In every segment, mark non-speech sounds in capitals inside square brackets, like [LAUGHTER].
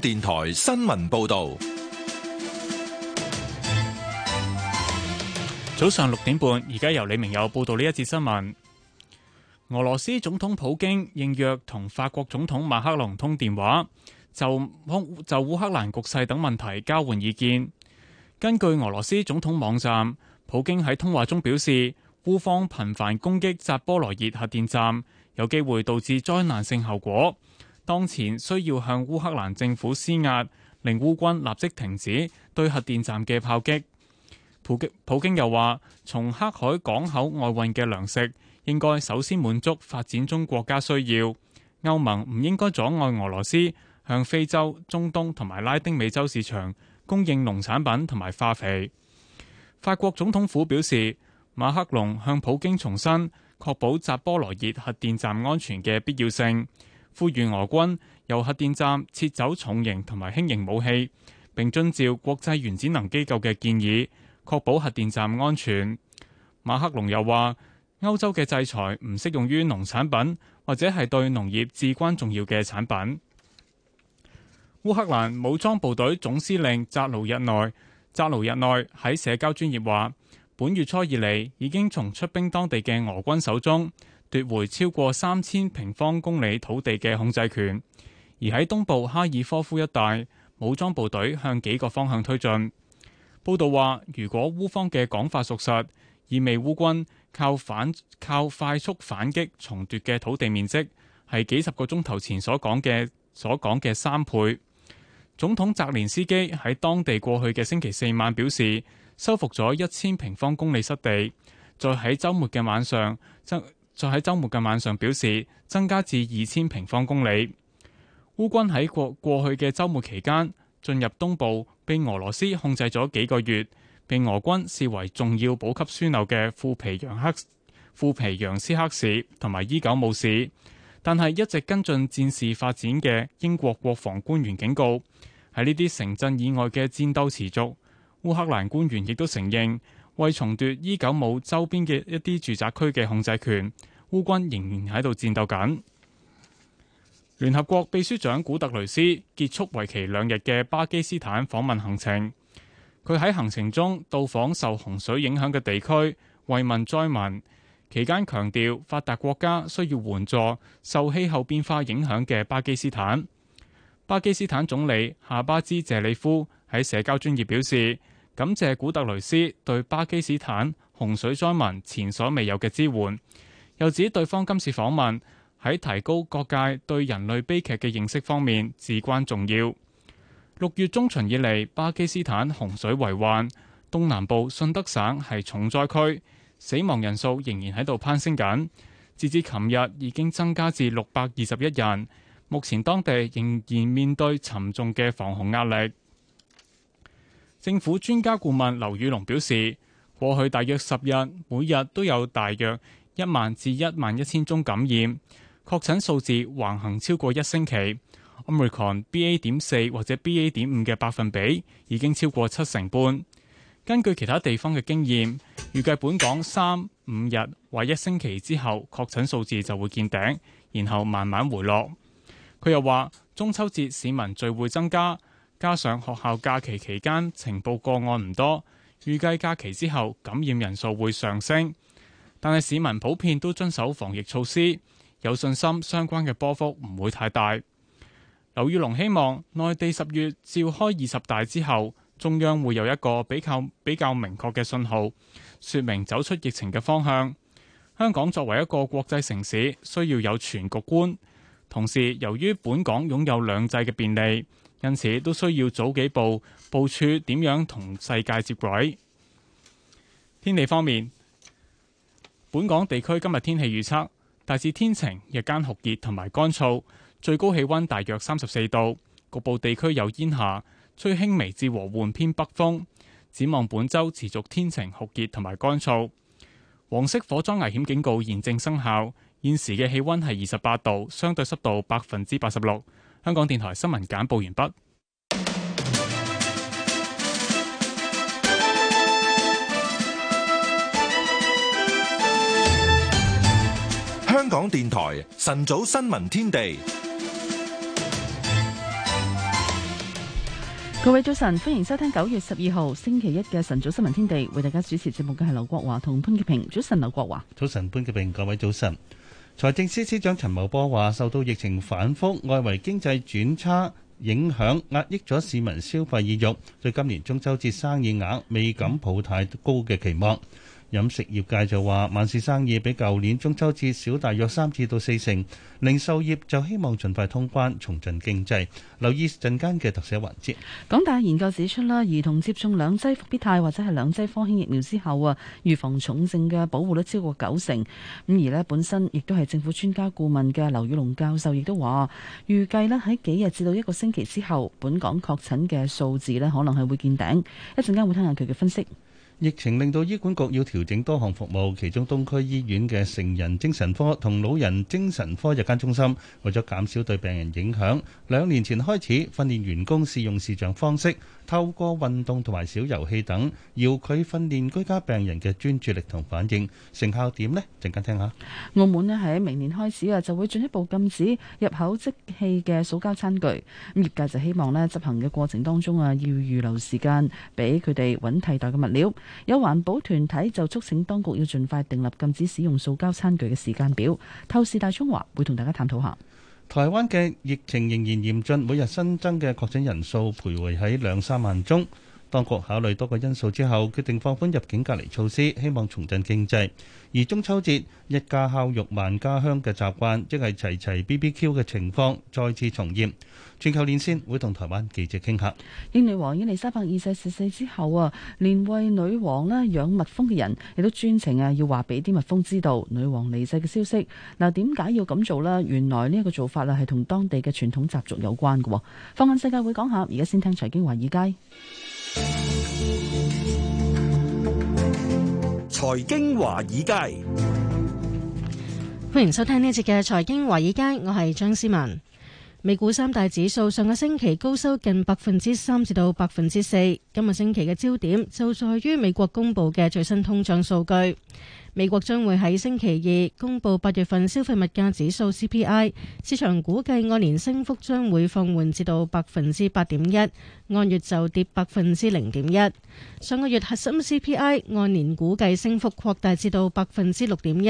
電台新聞報道，早上六點半，而家由李明友報道呢一節新聞。俄羅斯總統普京應約同法國總統馬克龍通電話，就烏就烏克蘭局勢等問題交換意見。根據俄羅斯總統網站，普京喺通話中表示，烏方頻繁攻擊扎波羅熱核電站，有機會導致災難性後果。當前需要向烏克蘭政府施壓，令烏軍立即停止對核電站嘅炮擊。普京普京又話，從黑海港口外運嘅糧食應該首先滿足發展中國家需要。歐盟唔應該阻礙俄羅斯向非洲、中東同埋拉丁美洲市場供應農產品同埋化肥。法國總統府表示，馬克龍向普京重申確保扎波羅熱核電站安全嘅必要性。呼籲俄軍由核電站撤走重型同埋輕型武器，並遵照國際原子能機構嘅建議，確保核電站安全。馬克龍又話：歐洲嘅制裁唔適用於農產品或者係對農業至關重要嘅產品。烏克蘭武裝部隊總司令扎盧日內，扎盧日內喺社交專業話：本月初以嚟已經從出兵當地嘅俄軍手中。奪回超過三千平方公里土地嘅控制權，而喺東部哈爾科夫一帶，武裝部隊向幾個方向推進。報道話，如果烏方嘅講法屬實，意味烏軍靠反靠快速反擊重奪嘅土地面積係幾十個鐘頭前所講嘅所講嘅三倍。總統澤連斯基喺當地過去嘅星期四晚表示，收復咗一千平方公里失地。再喺周末嘅晚上，則再喺周末嘅晚上表示增加至二千平方公里。烏軍喺過過去嘅周末期間進入東部，被俄羅斯控制咗幾個月，被俄軍視為重要補給樞紐嘅庫皮揚克庫皮揚斯克市同埋伊久姆市。但係一直跟進戰事發展嘅英國國防官員警告，喺呢啲城鎮以外嘅戰鬥持續，烏克蘭官員亦都承認。為重奪伊久姆周邊嘅一啲住宅區嘅控制權，烏軍仍然喺度戰鬥緊。聯合國秘書長古特雷斯結束為期兩日嘅巴基斯坦訪問行程，佢喺行程中到訪受洪水影響嘅地區慰問災民，期間強調發達國家需要援助受氣候變化影響嘅巴基斯坦。巴基斯坦總理夏巴茲謝里夫喺社交專頁表示。感謝古特雷斯對巴基斯坦洪水災民前所未有嘅支援，又指對方今次訪問喺提高各界對人類悲劇嘅認識方面至關重要。六月中旬以嚟，巴基斯坦洪水為患，東南部信德省係重災區，死亡人數仍然喺度攀升緊，截至琴日已經增加至六百二十一人。目前當地仍然面對沉重嘅防洪壓力。政府專家顧問劉宇龍表示，過去大約十日，每日都有大約一萬至一萬一千宗感染，確診數字橫行超過一星期。Omicron BA. 點四或者 BA. 點五嘅百分比已經超過七成半。根據其他地方嘅經驗，預計本港三五日或一星期之後，確診數字就會見頂，然後慢慢回落。佢又話，中秋節市民聚會增加。加上學校假期期間情報個案唔多，預計假期之後感染人數會上升。但係市民普遍都遵守防疫措施，有信心相關嘅波幅唔會太大。劉宇龍希望內地十月召開二十大之後，中央會有一個比較比較明確嘅信號，說明走出疫情嘅方向。香港作為一個國際城市，需要有全局觀，同時由於本港擁有兩制嘅便利。因此都需要早幾步部署點樣同世界接軌。天氣方面，本港地區今日天氣預測大致天晴，日間酷熱同埋乾燥，最高氣溫大約三十四度，局部地區有煙霞，吹輕微至和緩偏北風。展望本週持續天晴酷熱同埋乾燥。黃色火災危險警告現正生效。現時嘅氣溫係二十八度，相對濕度百分之八十六。香港電台新聞簡報完畢。香港電台晨早新聞天地，各位早晨，歡迎收聽九月十二號星期一嘅晨早新聞天地，為大家主持節目嘅係劉國華同潘潔平。早晨，劉國華。早晨，潘潔平。各位早晨。財政司司長陳茂波話：受到疫情反覆、外圍經濟轉差影響，壓抑咗市民消費意欲，對今年中秋節生意額未敢抱太高嘅期望。飲食業界就話，晚市生意比舊年中秋節少大約三至到四成。零售業就希望盡快通關，重振經濟。留意陣間嘅特寫環節。港大研究指出啦，兒童接種兩劑復必泰或者係兩劑科興疫苗之後啊，預防重症嘅保護率超過九成。咁而咧，本身亦都係政府專家顧問嘅劉宇龍教授亦都話，預計咧喺幾日至到一個星期之後，本港確診嘅數字咧可能係會見頂。一陣間會聽下佢嘅分析。疫情令到醫管局要調整多項服務，其中東區醫院嘅成人精神科同老人精神科日間中心，為咗減少對病人影響，兩年前開始訓練員工試用視像方式。透過運動同埋小遊戲等，要佢訓練居家病人嘅專注力同反應，成效點呢？陣間聽下。澳門咧喺明年開始啊，就會進一步禁止入口即棄嘅塑膠餐具。咁業界就希望咧執行嘅過程當中啊，要預留時間俾佢哋揾替代嘅物料。有環保團體就促請當局要盡快訂立禁止使用塑膠餐具嘅時間表。透視大中華會同大家探討下。台灣嘅疫情仍然嚴峻，每日新增嘅確診人數徘徊喺兩三萬宗。當局考慮多個因素之後，決定放寬入境隔離措施，希望重振經濟。而中秋節一家烤肉、萬家香嘅習慣，即係齊齊 BBQ 嘅情況，再次重現。全球連線會同台灣記者傾下。英女王伊利沙伯二世逝世之後啊，連為女王咧養蜜蜂嘅人，亦都專程啊，要話俾啲蜜蜂知道女王離世嘅消息。嗱，點解要咁做呢？原來呢一個做法啊，係同當地嘅傳統習俗有關嘅。放眼世界會講下，而家先聽財經華爾街。財經華爾街，歡迎收聽呢一節嘅財經華爾街，爾街我係張思文。美股三大指數上個星期高收近百分之三至到百分之四，今日星期嘅焦點就在於美國公佈嘅最新通脹數據。美國將會喺星期二公佈八月份消費物價指數 CPI，市場估計按年升幅將會放緩至到百分之八點一。按月就跌百分之零點一，上個月核心 CPI 按年估計升幅擴大至到百分之六點一，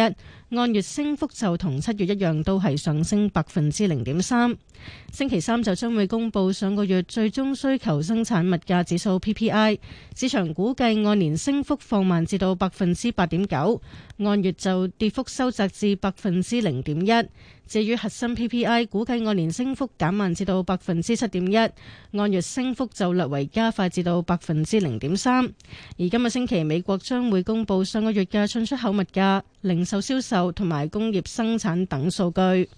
按月升幅就同七月一樣都係上升百分之零點三。星期三就將會公佈上個月最終需求生產物價指數 PPI，市場估計按年升幅放慢至到百分之八點九。按月就跌幅收窄至百分之零點一，至於核心 PPI，估計按年升幅減慢至到百分之七點一，按月升幅就略為加快至到百分之零點三。而今個星期，美國將會公布上個月嘅進出口物價零售銷售同埋工業生產等數據，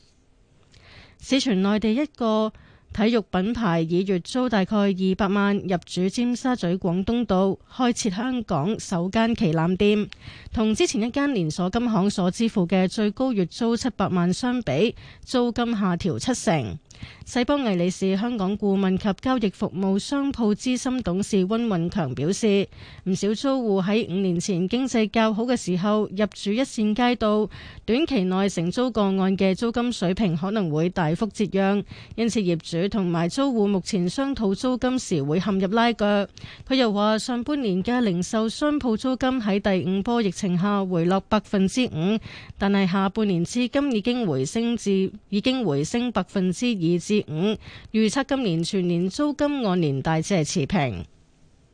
市場內地一個。體育品牌以月租大概二百萬入主尖沙咀廣東道，開設香港首間旗艦店。同之前一間連鎖金行所支付嘅最高月租七百萬相比，租金下調七成。世邦魏理仕香港顧問及交易服務商鋪資深董事温永強表示：唔少租戶喺五年前經濟較好嘅時候入住一線街道，短期內承租個案嘅租金水平可能會大幅折讓，因此業主同埋租戶目前商討租金時會陷入拉鋸。佢又話：上半年嘅零售商鋪租金喺第五波疫情下回落百分之五，但係下半年至今已經回升至已經回升百分之二，二至五，預測今年全年租金按年大致係持平。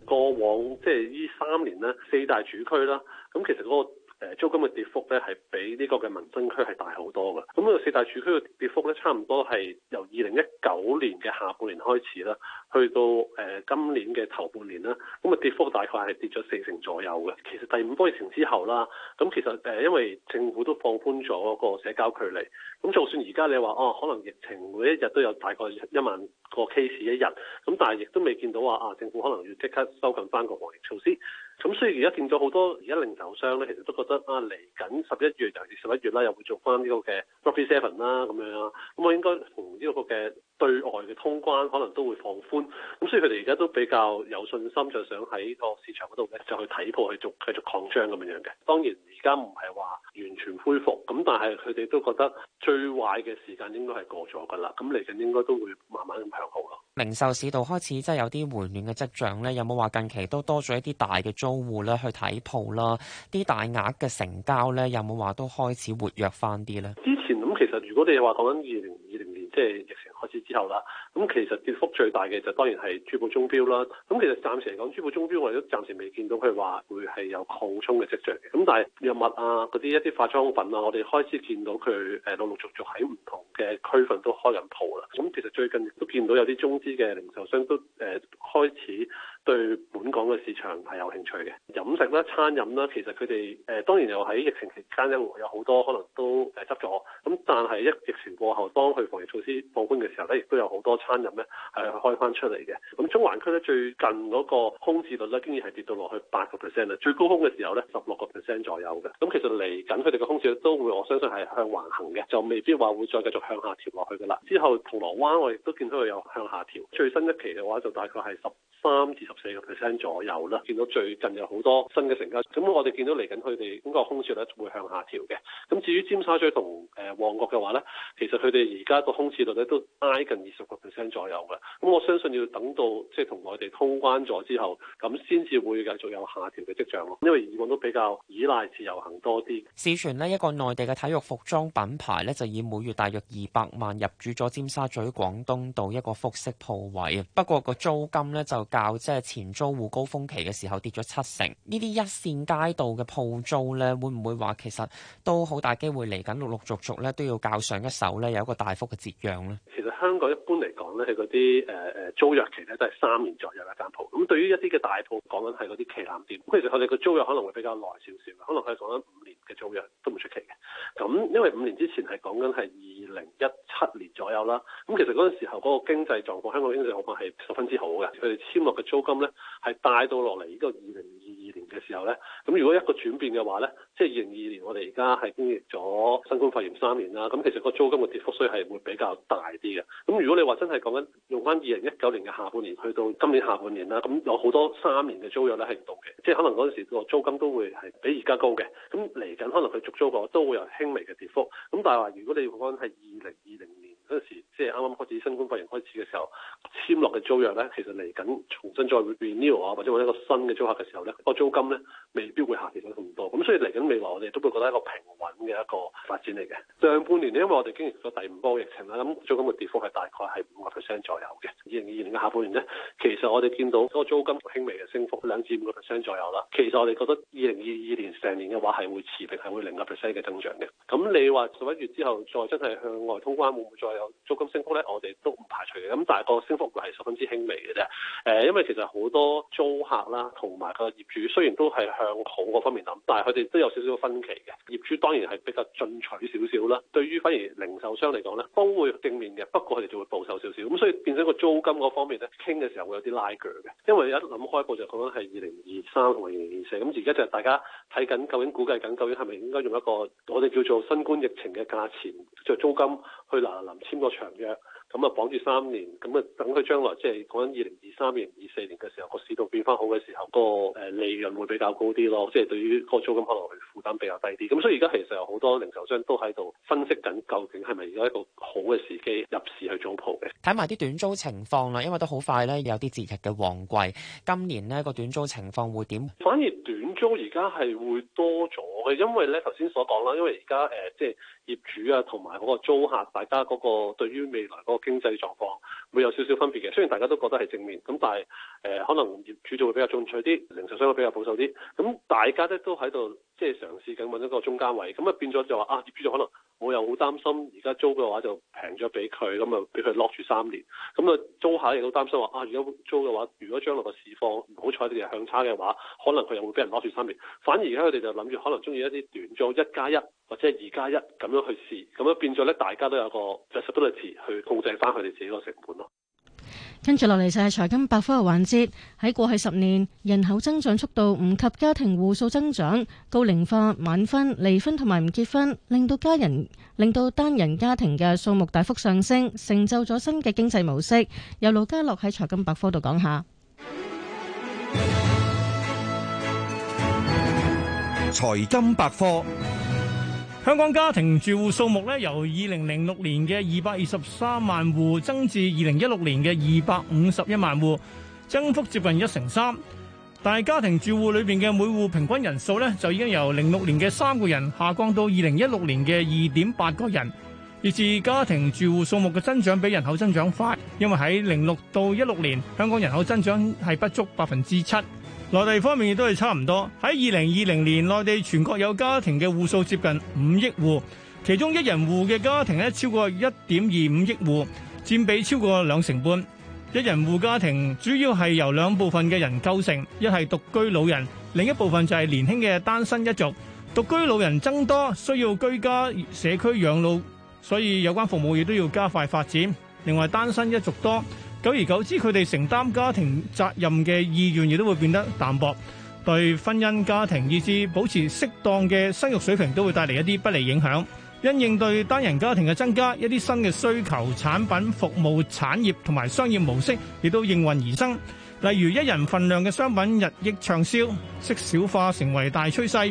過往即係呢三年呢，四大主區啦，咁其實嗰個。租金嘅跌幅咧，係比呢個嘅民生區係大好多嘅。咁呢個四大儲區嘅跌幅咧，差唔多係由二零一九年嘅下半年開始啦，去到誒、呃、今年嘅頭半年啦。咁、嗯、啊，跌幅大概係跌咗四成左右嘅。其實第五波疫情之後啦，咁其實誒因為政府都放寬咗個社交距離，咁就算而家你話哦、啊，可能疫情每一日都有大概一萬個 case 一日，咁但係亦都未見到話啊，政府可能要即刻收緊翻個防疫措施。咁、嗯、所以而家見到好多，而家零售商咧，其實都覺得啊，嚟緊十一月，尤其是十一月啦，又會做翻呢個嘅 Rocky Seven 啦，咁樣啦。咁我應該同呢個嘅。對外嘅通關可能都會放寬，咁所以佢哋而家都比較有信心，就是、想喺個市場嗰度咧就去睇鋪，去續繼續擴張咁樣樣嘅。當然而家唔係話完全恢復咁，但係佢哋都覺得最壞嘅時間應該係過咗㗎啦。咁嚟緊應該都會慢慢咁向好咯。零售市道開始真係有啲回暖嘅跡象咧，有冇話近期都多咗一啲大嘅租戶咧去睇鋪啦？啲大額嘅成交咧有冇話都開始活躍翻啲咧？之前咁其實，如果你話講緊二零二零年即係、就是、疫情。開始之後啦，咁其實跌幅最大嘅就當然係珠寶鐘表啦。咁其實暫時嚟講，珠寶鐘表我哋都暫時未見到佢話會係有擴充嘅跡象嘅。咁但係藥物啊，嗰啲一啲化妝品啊，我哋開始見到佢誒、呃、陸陸續續喺唔同嘅區份都開緊鋪啦。咁其實最近亦都見到有啲中資嘅零售商都誒、呃、開始對本港嘅市場係有興趣嘅。飲食啦、啊、餐飲啦、啊，其實佢哋誒當然又喺疫情期間咧，有好多可能都誒、呃、執咗。咁但係一疫情過後，當佢防疫措施放寬嘅嘅時候咧，亦都有好多餐飲咧係、啊、開翻出嚟嘅。咁中環區咧，最近嗰個空置率咧，竟然係跌到落去八個 percent 啦。最高峰嘅時候咧，十六個 percent 左右嘅。咁其實嚟緊佢哋嘅空置率都會，我相信係向橫行嘅，就未必話會再繼續向下調落去噶啦。之後銅鑼灣我亦都見到佢有向下調，最新一期嘅話就大概係十三至十四個 percent 左右啦。見到最近有好多新嘅成交，咁我哋見到嚟緊佢哋嗰個空置率會向下調嘅。咁至於尖沙咀同誒、呃、旺角嘅話咧，其實佢哋而家個空置率咧都拉近二十個 percent 左右嘅，咁我相信要等到即係同內地通關咗之後，咁先至會繼續有下調嘅跡象咯。因為以往都比較依賴自由行多啲。事前呢，一個內地嘅體育服裝品牌咧，就以每月大約二百萬入駐咗尖沙咀廣東道一個複式鋪位啊。不過個租金咧就較即係前租戶高峰期嘅時候跌咗七成。呢啲一線街道嘅鋪租咧，會唔會話其實都好大機會嚟緊陸陸續續咧都要較上一手咧有一個大幅嘅折讓呢？香港一般嚟講咧，係嗰啲誒誒租約期咧都係三年左右一間鋪。咁對於一啲嘅大鋪講緊係嗰啲旗艦店，其實佢哋嘅租約可能會比較耐少少，可能佢係講緊五年嘅租約都唔出奇嘅。咁因為五年之前係講緊係二零一七年左右啦。咁其實嗰陣時候嗰個經濟狀況，香港經濟狀況係十分之好嘅。佢哋簽落嘅租金咧係帶到落嚟呢個二零嘅時候呢，咁如果一個轉變嘅話呢，即係二零二二年，我哋而家係經歷咗新冠肺炎三年啦。咁其實個租金嘅跌幅雖係會比較大啲嘅。咁如果你話真係講緊用翻二零一九年嘅下半年去到今年下半年啦，咁有好多三年嘅租約咧係唔到嘅，即係可能嗰陣時個租金都會係比而家高嘅。咁嚟緊可能佢續租個都會有輕微嘅跌幅。咁但係話如果你用翻係二零二零年。嗰陣時即係啱啱開始新冠肺炎開始嘅時候，簽落嘅租約呢，其實嚟緊重新再 renew 啊，或者揾一個新嘅租客嘅時候呢，個租金呢未必會下跌咗咁多。咁所以嚟緊未來我哋都會覺得一個平穩嘅一個發展嚟嘅。上半年呢，因為我哋經歷咗第五波疫情啦，咁、那個、租金嘅跌幅係大概係五個 percent 左右嘅。二零二二年嘅下半年呢，其實我哋見到、個租金輕微嘅升幅，兩至五個 percent 左右啦。其實我哋覺得二零二二年成年嘅話係會持平，係會零個 percent 嘅增長嘅。咁你話十一月之後再真係向外通關，會唔會再？有租金升幅咧，我哋都唔排除嘅。咁但係個升幅係十分之輕微嘅啫。誒，因為其實好多租客啦，同埋個業主雖然都係向好個方面諗，但係佢哋都有少少分歧嘅。業主當然係比較進取少少啦。對於反而零售商嚟講咧，都會正面嘅。不過佢哋就會保守少少。咁所以變成個租金嗰方面咧，傾嘅時候會有啲拉鋸嘅。因為一諗開步就講係二零二三同埋二零二四。咁而家就大家睇緊，究竟估計緊，究竟係咪應該用一個我哋叫做新冠疫情嘅價錢，即係租金去嗱嗱臨。簽個長約，咁啊綁住三年，咁啊等佢將來即係講緊二零二三年、二四年嘅時候個市道變翻好嘅時候，個誒利潤會比較高啲咯，即係對於個租金可能係負擔比較低啲。咁所以而家其實有好多零售商都喺度分析緊，究竟係咪而家一個好嘅時機入市去租鋪嘅？睇埋啲短租情況啦，因為都好快咧，有啲節日嘅旺季，今年呢個短租情況會點？反而短租而家係會多咗。係因為咧頭先所講啦，因為而家誒即係業主啊同埋嗰個租客，大家嗰個對於未來嗰個經濟狀況會有少少分別嘅。雖然大家都覺得係正面，咁但係誒、呃、可能業主就會比較進取啲，零售商會比較保守啲。咁大家咧都喺度即係嘗試緊揾一個中間位，咁啊變咗就話啊業主就可能。我又好擔心，而家租嘅話就平咗俾佢，咁啊俾佢 lock 住三年。咁啊租客亦都擔心話啊，如果租嘅話，如果將來個市況唔好彩佢哋向差嘅話，可能佢又會俾人 lock 住三年。反而而家佢哋就諗住可能中意一啲短租一加一或者二加一咁樣去試，咁樣變咗咧，大家都有個嘅 set budget 去控制翻佢哋自己個成本咯。跟住落嚟就係財金百科嘅環節。喺過去十年，人口增長速度唔及家庭戶數增長，高齡化、晚婚、離婚同埋唔結婚，令到家人令到單人家庭嘅數目大幅上升，成就咗新嘅經濟模式。由盧家樂喺財金百科度講下財金百科。香港家庭住戶數目咧，由二零零六年嘅二百二十三萬戶增至二零一六年嘅二百五十一萬戶，增幅接近一成三。但係家庭住戶裏邊嘅每戶平均人數咧，就已經由零六年嘅三個人下降到二零一六年嘅二點八個人。以至家庭住戶數目嘅增長比人口增長快，因為喺零六到一六年，香港人口增長係不足百分之七。內地方面亦都係差唔多，喺二零二零年，內地全國有家庭嘅戶數接近五億戶，其中一人戶嘅家庭咧，超過一點二五億戶，佔比超過兩成半。一人戶家庭主要係由兩部分嘅人構成，一係獨居老人，另一部分就係年輕嘅單身一族。獨居老人增多，需要居家社區養老，所以有關服務亦都要加快發展。另外，單身一族多。久而久之，佢哋承擔家庭責任嘅意願亦都會變得淡薄，對婚姻家庭以至保持適當嘅生育水平都會帶嚟一啲不利影響，因應對單人家庭嘅增加，一啲新嘅需求產品、服務產業同埋商業模式亦都應運而生，例如一人份量嘅商品日益暢銷，適小化成為大趨勢。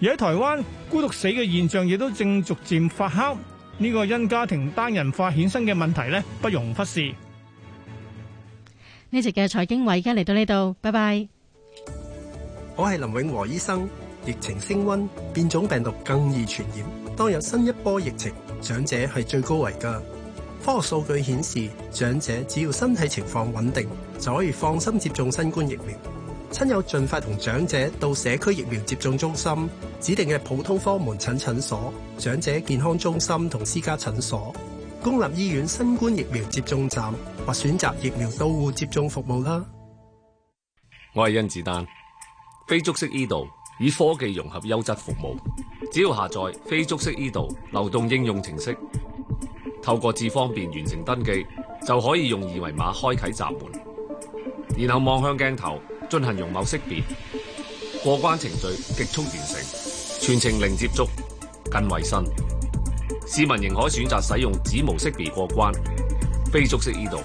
而喺台灣，孤獨死嘅現象亦都正逐漸發酵，呢、這個因家庭單人化衍生嘅問題呢，不容忽視。呢節嘅財經委而家嚟到呢度，拜拜。我係林永和醫生。疫情升温，變種病毒更易傳染。當有新一波疫情，長者係最高危㗎。科學數據顯示，長者只要身體情況穩定，就可以放心接種新冠疫苗。親友盡快同長者到社區疫苗接種中心、指定嘅普通科門診診所、長者健康中心同私家診所、公立醫院新冠疫苗接種站或選擇疫苗到戶接種服務啦。我係甄子丹，非接觸式 e 道以科技融合優質服務，只要下載非接觸式 e 道流動應用程式，透過智方便完成登記，就可以用二維碼開啟閘門，然後望向鏡頭。進行容貌識別，過關程序極速完成，全程零接觸、更衛生。市民仍可選擇使用指模識別過關，非接觸依度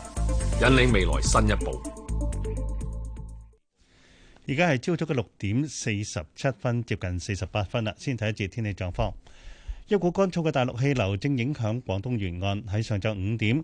引領未來新一步。而家係朝早嘅六點四十七分，接近四十八分啦。先睇一節天氣狀況，一股乾燥嘅大陸氣流正影響廣東沿岸。喺上晝五點。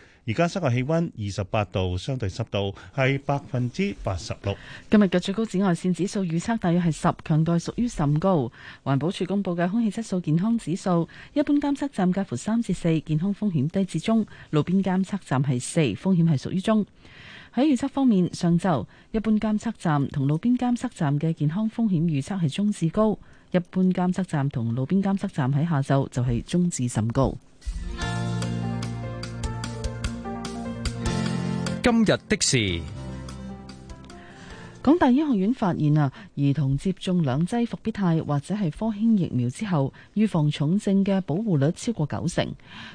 而家室外氣溫二十八度，相對濕度係百分之八十六。今日嘅最高紫外綫指數預測大約係十，強度屬於甚高。環保署公布嘅空氣質素健康指數，一般監測站介乎三至四，健康風險低至中；路邊監測站係四，風險係屬於中。喺預測方面，上晝一般監測站同路邊監測站嘅健康風險預測係中至高；一般監測站同路邊監測站喺下晝就係中至甚高。今日的事，港大醫學院發現啊，兒童接種兩劑復必泰或者係科興疫苗之後，預防重症嘅保護率超過九成。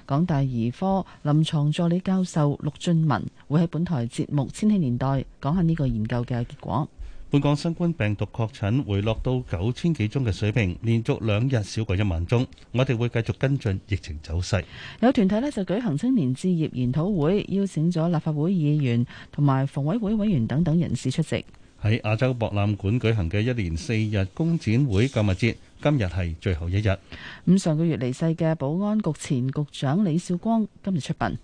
港大兒科臨牀助理教授陸俊文會喺本台節目《千禧年代》講下呢個研究嘅結果。本港新冠病毒確診回落到九千幾宗嘅水平，連續兩日少過一萬宗。我哋會繼續跟進疫情走勢。有團體呢就舉行青年置業研討會，邀請咗立法會議員同埋房委會委員等等人士出席。喺亞洲博覽館舉行嘅一連四日公展會購物節，今日係最後一日。咁上個月離世嘅保安局前局長李少光今，今日出殯。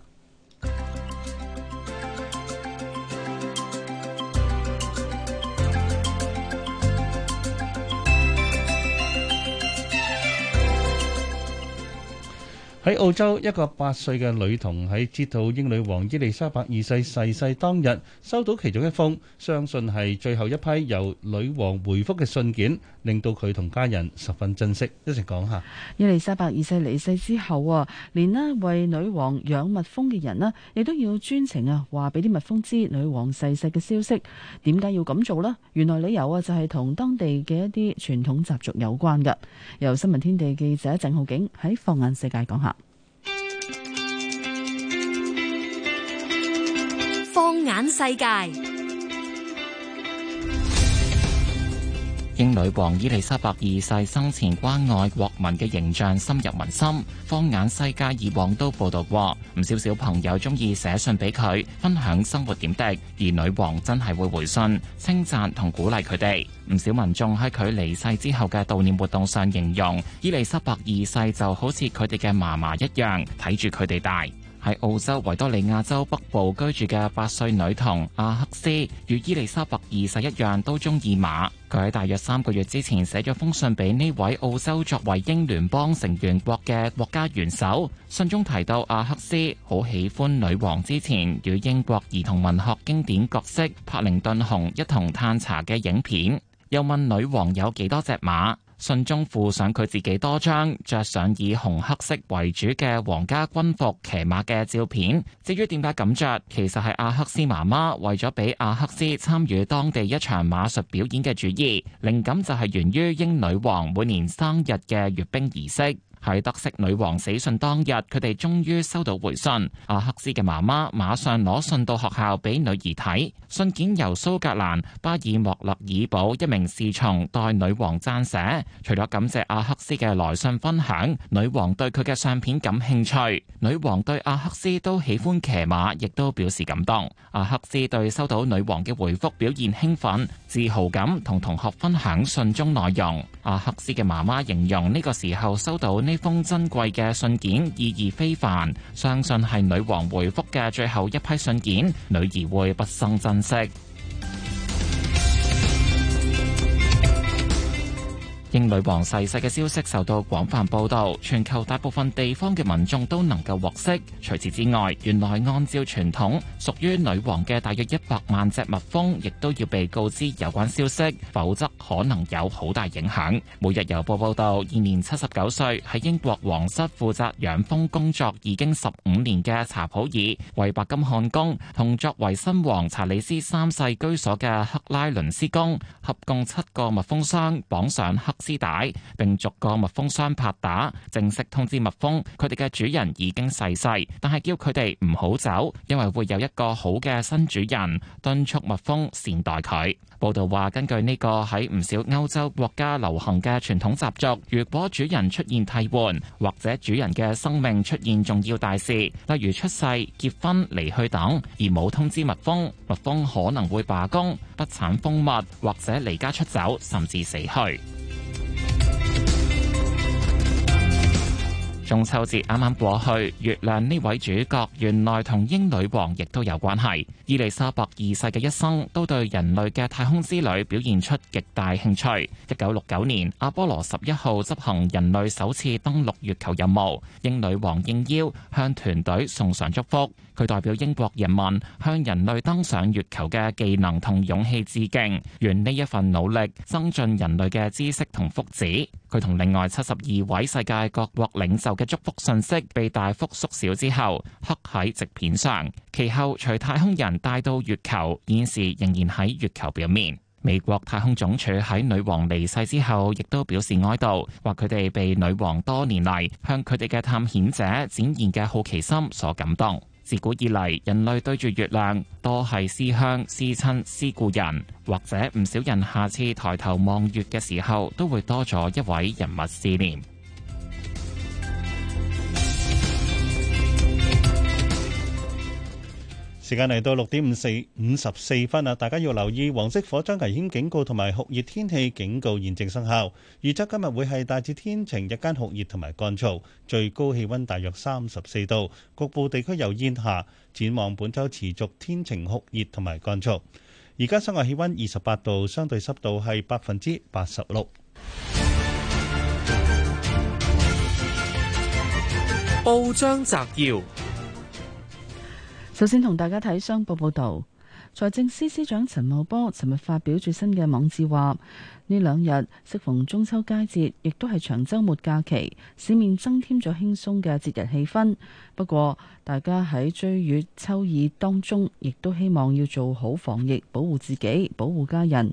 喺澳洲，一個八歲嘅女童喺接到英女王伊麗莎白二世逝世當日，收到其中一封相信係最後一批由女王回覆嘅信件，令到佢同家人十分珍惜。一齊講下。伊麗莎白二世離世之後啊，連呢為女王養蜜蜂嘅人呢，亦都要專程啊話俾啲蜜蜂知女王逝世嘅消息。點解要咁做呢？原來理由啊就係同當地嘅一啲傳統習俗有關㗎。由新聞天地記者鄭浩景喺放眼世界講下。放眼世界，英女王伊麗莎白二世生前關愛國民嘅形象深入民心。放眼世界以往都報道過唔少小朋友中意寫信俾佢，分享生活點滴，而女王真係會回信，稱讚同鼓勵佢哋。唔少民眾喺佢離世之後嘅悼念活動上形容，伊麗莎白二世就好似佢哋嘅嫲嫲一樣，睇住佢哋大。喺澳洲維多利亞州北部居住嘅八歲女童阿克斯，與伊麗莎白二世一樣都中意馬。佢喺大約三個月之前寫咗封信俾呢位澳洲作為英聯邦成員國嘅國家元首，信中提到阿克斯好喜歡女王之前與英國兒童文學經典角色柏靈頓熊一同探查嘅影片，又問女王有幾多隻馬。信中附上佢自己多張着上以紅黑色為主嘅皇家軍服騎馬嘅照片。至於點解咁着，其實係阿克斯媽媽為咗俾阿克斯參與當地一場馬術表演嘅主意，靈感就係源於英女王每年生日嘅閱兵儀式。喺得悉女王死訊當日，佢哋終於收到回信。阿克斯嘅媽媽馬上攞信到學校俾女兒睇。信件由蘇格蘭巴爾莫勒爾堡一名侍從代女王撰寫。除咗感謝阿克斯嘅來信分享，女王對佢嘅相片感興趣。女王對阿克斯都喜歡騎馬，亦都表示感動。阿克斯對收到女王嘅回覆表現興奮、自豪感，同同學分享信中內容。阿克斯嘅媽媽形容呢個時候收到呢。一封珍貴嘅信件，意義非凡，相信係女王回覆嘅最後一批信件，女兒會畢生珍惜。英女王逝世嘅消息受到廣泛報道，全球大部分地方嘅民眾都能夠獲悉。除此之外，原來按照傳統屬於女王嘅大約一百萬隻蜜蜂亦都要被告知有關消息，否則可能有好大影響。每日郵報報道，現年七十九歲喺英國皇室負責養蜂工作已經十五年嘅查普爾為白金漢宮同作為新王查理斯三世居所嘅克拉倫斯宮合共七個蜜蜂箱綁上黑絲帶，並逐個蜜蜂箱拍打，正式通知蜜蜂，佢哋嘅主人已經逝世，世，但係叫佢哋唔好走，因為會有一個好嘅新主人敦促蜜蜂善待佢。報道話，根據呢個喺唔少歐洲國家流行嘅傳統習俗，如果主人出現替換或者主人嘅生命出現重要大事，例如出世、結婚、離去等，而冇通知蜜蜂，蜜蜂，蜂可能會罷工、不產蜂蜜，或者離家出走，甚至死去。中秋節啱啱過去，月亮呢位主角原來同英女王亦都有關係，伊麗莎白二世嘅一生都對人類嘅太空之旅表現出極大興趣。一九六九年，阿波羅十一號執行人類首次登陸月球任務，英女王應邀向團隊送上祝福。佢代表英國人民向人類登上月球嘅技能同勇氣致敬，願呢一份努力增進人類嘅知識同福祉。佢同另外七十二位世界各國領袖嘅祝福信息被大幅縮小之後，刻喺矽片上，其後隨太空人帶到月球，現時仍然喺月球表面。美國太空總署喺女王離世之後，亦都表示哀悼，話佢哋被女王多年嚟向佢哋嘅探險者展現嘅好奇心所感動。自古以嚟，人類對住月亮，多係思鄉、思親、思故人，或者唔少人下次抬頭望月嘅時候，都會多咗一位人物思念。時間嚟到六點五四五十四分啦，大家要留意黃色火災危險警告同埋酷熱天氣警告現正生效。預測今日會係大致天晴，日間酷熱同埋乾燥，最高氣溫大約三十四度，局部地區有煙霞。展望本周持續天晴酷熱同埋乾燥。而家室外氣溫二十八度，相對濕度係百分之八十六。報章摘要。首先同大家睇商報報道，財政司司長陳茂波尋日發表最新嘅網誌話。呢兩日，適逢中秋佳節，亦都係長周末假期，市面增添咗輕鬆嘅節日氣氛。不過，大家喺追月秋意當中，亦都希望要做好防疫，保護自己，保護家人。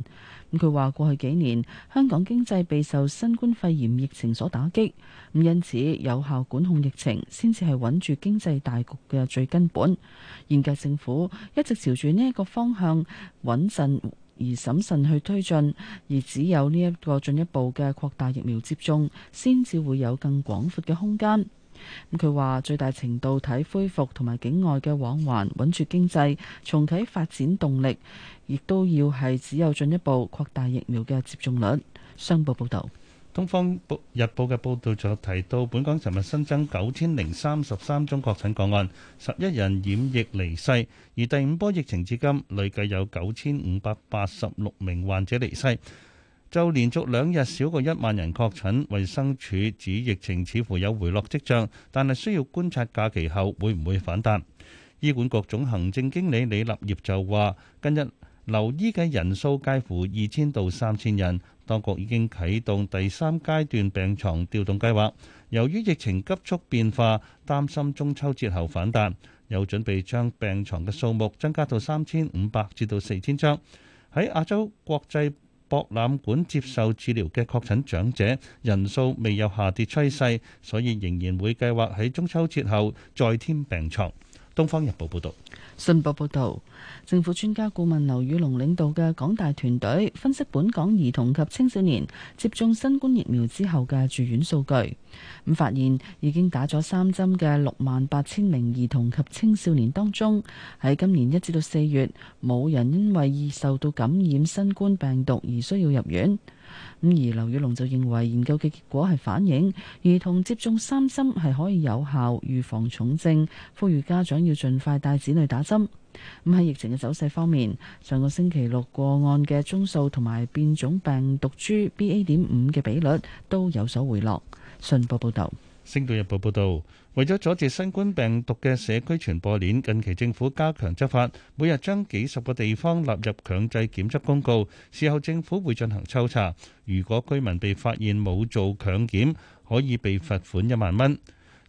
咁佢話過去幾年，香港經濟備受新冠肺炎疫情所打擊，咁因此有效管控疫情，先至係穩住經濟大局嘅最根本。現屆政府一直朝住呢一個方向穩陣。而審慎去推進，而只有呢一個進一步嘅擴大疫苗接種，先至會有更廣闊嘅空間。咁佢話，最大程度睇恢復同埋境外嘅往環，穩住經濟，重啓發展動力，亦都要係只有進一步擴大疫苗嘅接種率。商報報導。《東方日報》嘅報導就提到，本港尋日新增九千零三十三宗確診個案，十一人染疫離世，而第五波疫情至今累計有九千五百八十六名患者離世。就連續兩日少過一萬人確診，衞生署指疫情似乎有回落跡象，但係需要觀察假期後會唔會反彈。醫管局總行政經理李立業就話，近日留醫嘅人數介乎二千到三千人。當局已經啟動第三階段病床調動計劃。由於疫情急速變化，擔心中秋節後反彈，又準備將病床嘅數目增加到三千五百至到四千張。喺亞洲國際博覽館接受治療嘅確診長者人數未有下跌趨勢，所以仍然會計劃喺中秋節後再添病床。《東方日報》報道。信報報道，政府專家顧問劉宇龍領導嘅港大團隊分析本港兒童及青少年接種新冠疫苗之後嘅住院數據，咁發現已經打咗三針嘅六萬八千名兒童及青少年當中，喺今年一至到四月冇人因為易受到感染新冠病毒而需要入院。咁而劉宇龍就認為研究嘅結果係反映兒童接種三針係可以有效預防重症，呼籲家長要盡快帶子女打針。咁喺疫情嘅走勢方面，上個星期六個案嘅宗數同埋變種病毒株 BA. 點五嘅比率都有所回落。信報報道，星島日報報道。為咗阻止新冠病毒嘅社區傳播鏈，近期政府加強執法，每日將幾十個地方納入強制檢測公告，事後政府會進行抽查。如果居民被發現冇做強檢，可以被罰款一萬蚊。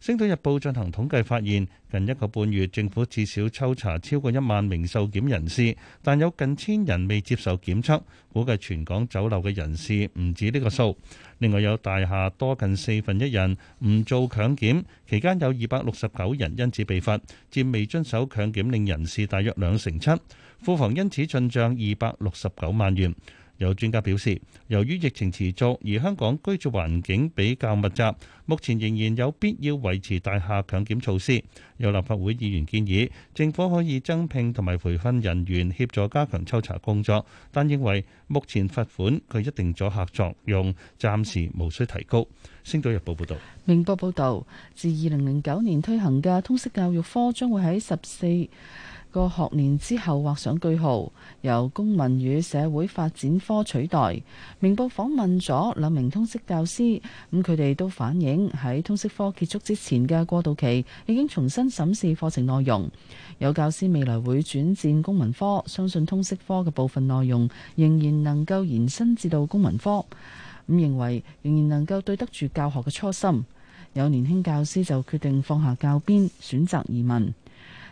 星島日報進行統計發現，近一個半月政府至少抽查超過一萬名受檢人士，但有近千人未接受檢測，估計全港走漏嘅人士唔止呢個數。另外有大廈多近四分一人唔做強檢，期間有二百六十九人因此被罰，佔未遵守強檢令人士大約兩成七，庫房因此進賬二百六十九萬元。有專家表示，由於疫情持續，而香港居住環境比較密集，目前仍然有必要維持大廈強檢措施。有立法會議員建議，政府可以增聘同埋培訓人員協助加強抽查工作，但認為目前罰款佢一定阻嚇作用，暫時無需提高。星島日報報道：「明報報道，自二零零九年推行嘅通識教育科將會喺十四個學年之後畫上句號，由公民與社會發展科取代。明報訪問咗兩名通識教師，咁佢哋都反映喺通識科結束之前嘅過渡期，已經重新審視課程內容。有教師未來會轉戰公民科，相信通識科嘅部分內容仍然能夠延伸至到公民科，咁認為仍然能夠對得住教學嘅初心。有年輕教師就決定放下教鞭，選擇移民。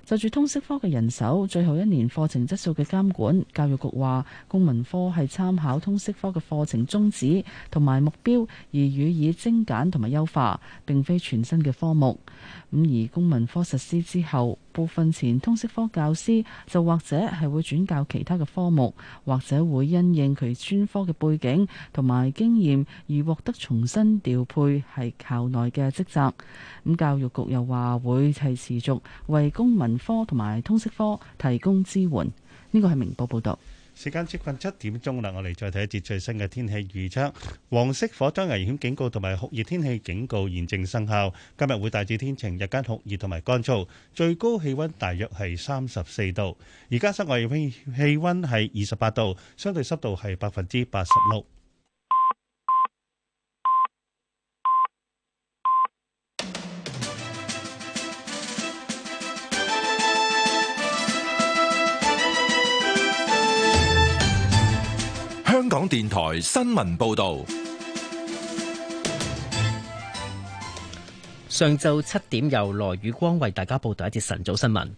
就住通識科嘅人手、最後一年課程質素嘅監管，教育局話公民科係參考通識科嘅課程宗旨同埋目標而予以精簡同埋優化，並非全新嘅科目。咁而公民科實施之後，部分前通識科教師就或者係會轉教其他嘅科目，或者會因應佢專科嘅背景同埋經驗而獲得重新調配係校內嘅職責。咁教育局又話會係持續為公民科同埋通識科提供支援。呢個係明報報導。時間接近七點鐘啦，我哋再睇一節最新嘅天氣預測。黃色火災危險警告同埋酷熱天氣警告現正生效。今日會大致天晴，日間酷熱同埋乾燥，最高氣溫大約係三十四度。而家室外氣氣溫係二十八度，相對濕度係百分之八十六。香港電台新聞報道：上晝七點，由羅宇光為大家報道一節晨早新聞。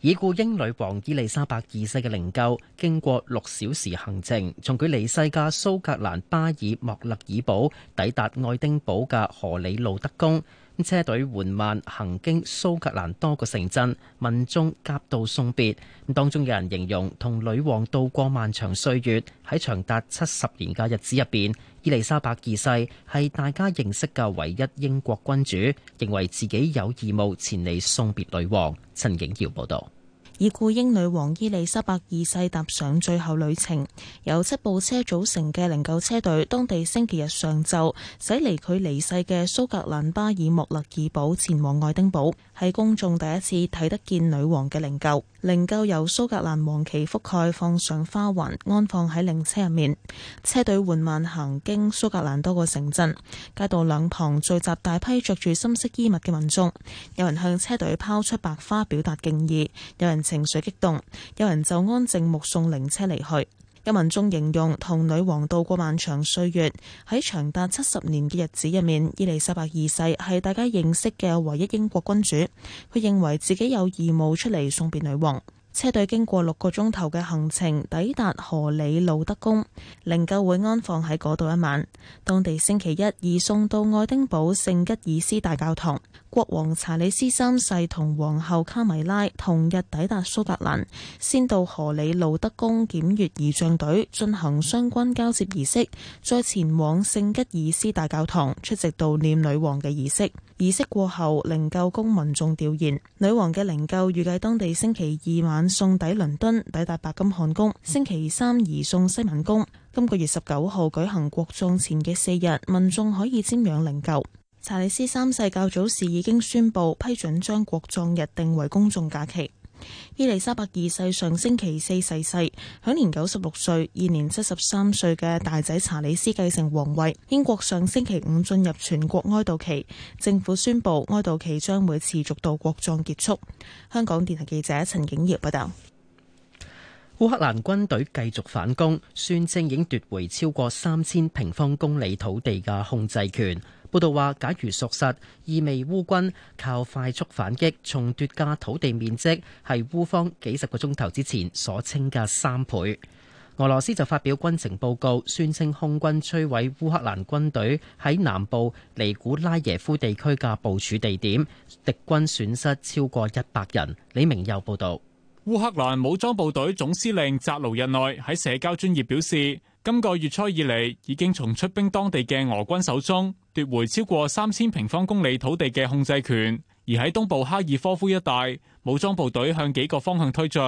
已故英女王伊麗莎白二世嘅靈柩經過六小時行程，從佢離世嘅蘇格蘭巴爾莫勒爾堡抵達愛丁堡嘅荷里路德宮。車隊緩慢行經蘇格蘭多個城鎮，民眾夾道送別。當中有人形容，同女王度過漫長歲月，喺長達七十年嘅日子入邊，伊麗莎白二世係大家認識嘅唯一英國君主，認為自己有義務前嚟送別女王。陳景堯報道。以故英女王伊麗莎白二世踏上最後旅程，由七部車組成嘅靈柩車隊，當地星期日上晝駛離佢離世嘅蘇格蘭巴爾莫勒爾堡，前往愛丁堡，係公眾第一次睇得見女王嘅靈柩。靈柩由蘇格蘭王旗覆蓋，放上花環，安放喺靈車入面。車隊緩慢行經蘇格蘭多個城鎮，街道兩旁聚集大批着住深色衣物嘅民眾，有人向車隊拋出白花表達敬意，有人情緒激動，有人就安靜目送靈車離去。一名民眾形容同女王度過漫長歲月，喺長達七十年嘅日子入面，伊麗莎白二世係大家認識嘅唯一英國君主。佢認為自己有義務出嚟送別女王。車隊經過六個鐘頭嘅行程，抵達荷里路德宮，靈柩會安放喺嗰度一晚，當地星期一移送到愛丁堡聖吉爾斯大教堂。國王查理斯三世同皇后卡米拉同日抵達蘇格蘭，先到荷里路德宮檢閱儀仗隊，進行相關交接儀式，再前往聖吉爾斯大教堂出席悼念女王嘅儀式。儀式過後，靈柩供民眾吊唁。女王嘅靈柩預計當地星期二晚送抵倫敦，抵達白金漢宮，星期三移送西敏宮。今個月十九號舉行國葬前嘅四日，民眾可以瞻仰靈柩。查理斯三世較早時已經宣布批准將國葬日定為公眾假期。伊利沙伯二世上星期四逝世，世，享年九十六歲，現年七十三歲嘅大仔查理斯繼承皇位。英國上星期五進入全國哀悼期，政府宣布哀悼期將會持續到國葬結束。香港電台記者陳景業報道。烏克蘭軍隊繼續反攻，宣稱已經奪回超過三千平方公里土地嘅控制權。報道話，假如屬實，意味烏軍靠快速反擊重奪嘅土地面積，係烏方幾十個鐘頭之前所稱嘅三倍。俄羅斯就發表軍情報告，宣稱空軍摧毀烏克蘭軍隊喺南部尼古拉耶夫地區嘅部署地點，敵軍損失超過一百人。李明佑報導。烏克蘭武裝部隊總司令扎盧日內喺社交專頁表示。今個月初以嚟，已經從出兵當地嘅俄軍手中奪回超過三千平方公里土地嘅控制權。而喺東部哈爾科夫一帶，武裝部隊向幾個方向推進。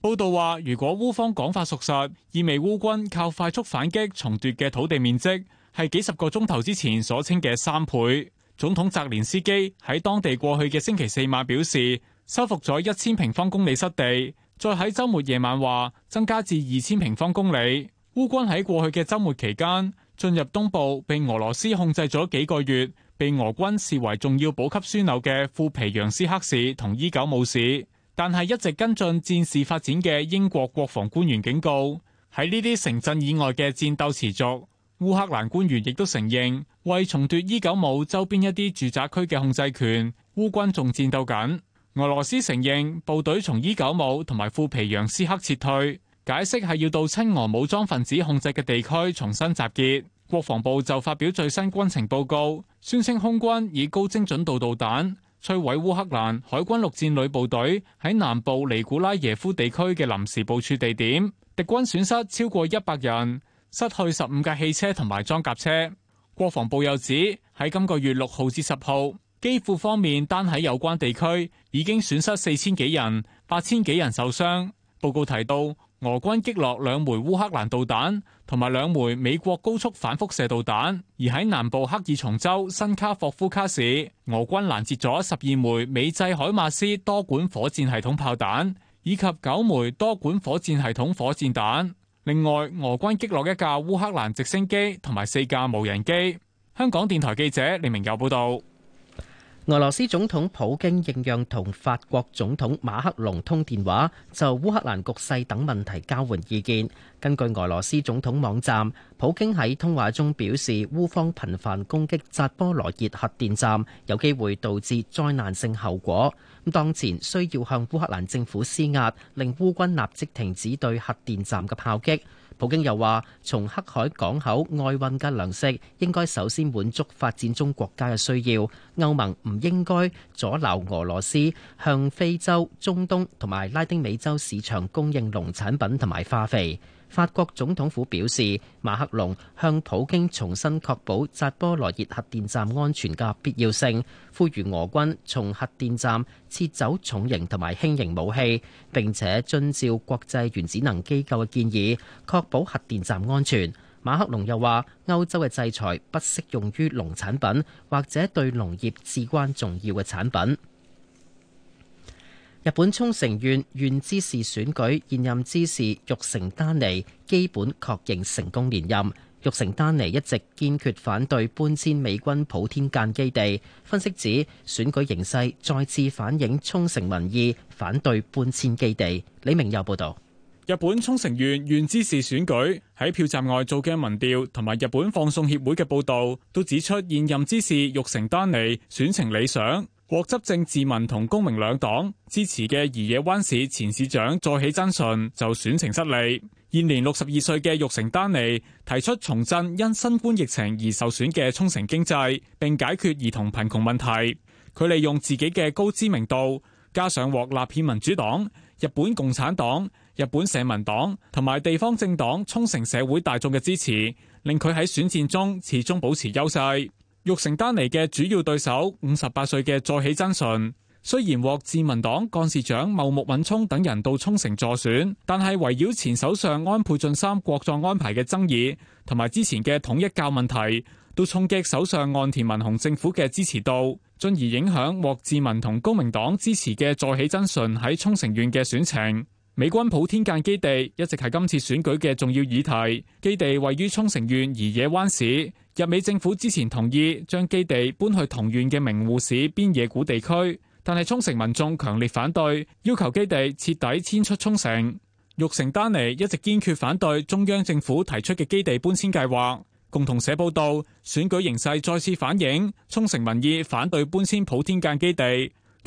報道話，如果烏方講法屬實，意味烏軍靠快速反擊重奪嘅土地面積係幾十個鐘頭之前所稱嘅三倍。總統澤連斯基喺當地過去嘅星期四晚表示，收復咗一千平方公里失地，再喺周末夜晚話增加至二千平方公里。烏軍喺過去嘅週末期間進入東部被俄羅斯控制咗幾個月，被俄軍視為重要補給樞紐嘅庫皮揚斯克市同伊久姆市，但係一直跟進戰事發展嘅英國國防官員警告，喺呢啲城鎮以外嘅戰鬥持續。烏克蘭官員亦都承認，為重奪伊久姆周邊一啲住宅區嘅控制權，烏軍仲戰鬥緊。俄羅斯承認部隊從伊久姆同埋庫皮揚斯克撤退。解釋係要到親俄武裝分子控制嘅地區重新集結。國防部就發表最新軍情報告，宣稱空軍以高精準度導彈摧毀烏克蘭海軍陸戰旅部隊喺南部尼古拉耶夫地區嘅臨時部署地點，敵軍損失超過一百人，失去十五架汽車同埋裝甲車。國防部又指，喺今個月六號至十號，基輔方面單喺有關地區已經損失四千幾人，八千幾人受傷。報告提到，俄軍擊落兩枚烏克蘭導彈，同埋兩枚美國高速反輻射導彈。而喺南部克爾松州新卡霍夫卡市，俄軍攔截咗十二枚美製海馬斯多管火箭系統炮彈，以及九枚多管火箭系統火箭彈。另外，俄軍擊落一架烏克蘭直升機同埋四架無人機。香港電台記者李明友報道。俄羅斯總統普京應讓同法國總統馬克龍通電話，就烏克蘭局勢等問題交換意見。根據俄羅斯總統網站，普京喺通話中表示，烏方頻繁攻擊扎波羅熱核電站，有機會導致災難性後果。咁當前需要向烏克蘭政府施壓，令烏軍立即停止對核電站嘅炮擊。普京又話：從黑海港口外運嘅糧食，應該首先滿足發展中國家嘅需要。歐盟唔應該阻撓俄羅斯向非洲、中東同埋拉丁美洲市場供應農產品同埋化肥。法國總統府表示，馬克龍向普京重新確保扎波羅熱核電站安全嘅必要性，呼籲俄軍從核電站撤走重型同埋輕型武器，並且遵照國際原子能機構嘅建議，確保核電站安全。馬克龍又話，歐洲嘅制裁不適用於農產品或者對農業至關重要嘅產品。日本沖繩縣縣知事選舉，現任知事玉城丹尼基本確認成功連任。玉城丹尼一直堅決反對搬遷美軍普天間基地。分析指選舉形勢再次反映沖繩民意反對搬遷基地。李明佑報道：日本沖繩縣縣知事選舉，喺票站外做嘅民調同埋日本放送協會嘅報道都指出現任知事玉城丹尼選情理想。獲執政自民同公明兩黨支持嘅宜野灣市前市長佐喜真淳就選情失利。現年六十二歲嘅玉城丹尼提出重振因新冠疫情而受損嘅沖繩經濟，並解決兒童貧窮問題。佢利用自己嘅高知名度，加上獲立憲民主黨、日本共產黨、日本社民黨同埋地方政黨沖繩社會大眾嘅支持，令佢喺選戰中始終保持優勢。玉城丹尼嘅主要對手五十八歲嘅佐喜真純，雖然獲自民黨幹事長茂木敏充等人到沖繩助選，但係圍繞前首相安倍晉三國葬安排嘅爭議，同埋之前嘅統一教問題，都衝擊首相岸田文雄政府嘅支持度，進而影響獲自民同公明黨支持嘅佐喜真純喺沖繩縣嘅選情。美軍普天間基地一直係今次選舉嘅重要議題，基地位於沖繩縣宜野灣市。日美政府之前同意將基地搬去同縣嘅名護市邊野古地區，但係沖繩民眾強烈反對，要求基地徹底遷出沖繩。玉城丹尼一直堅決反對中央政府提出嘅基地搬遷計劃。共同社報道，選舉形勢再次反映沖繩民意反對搬遷普天間基地。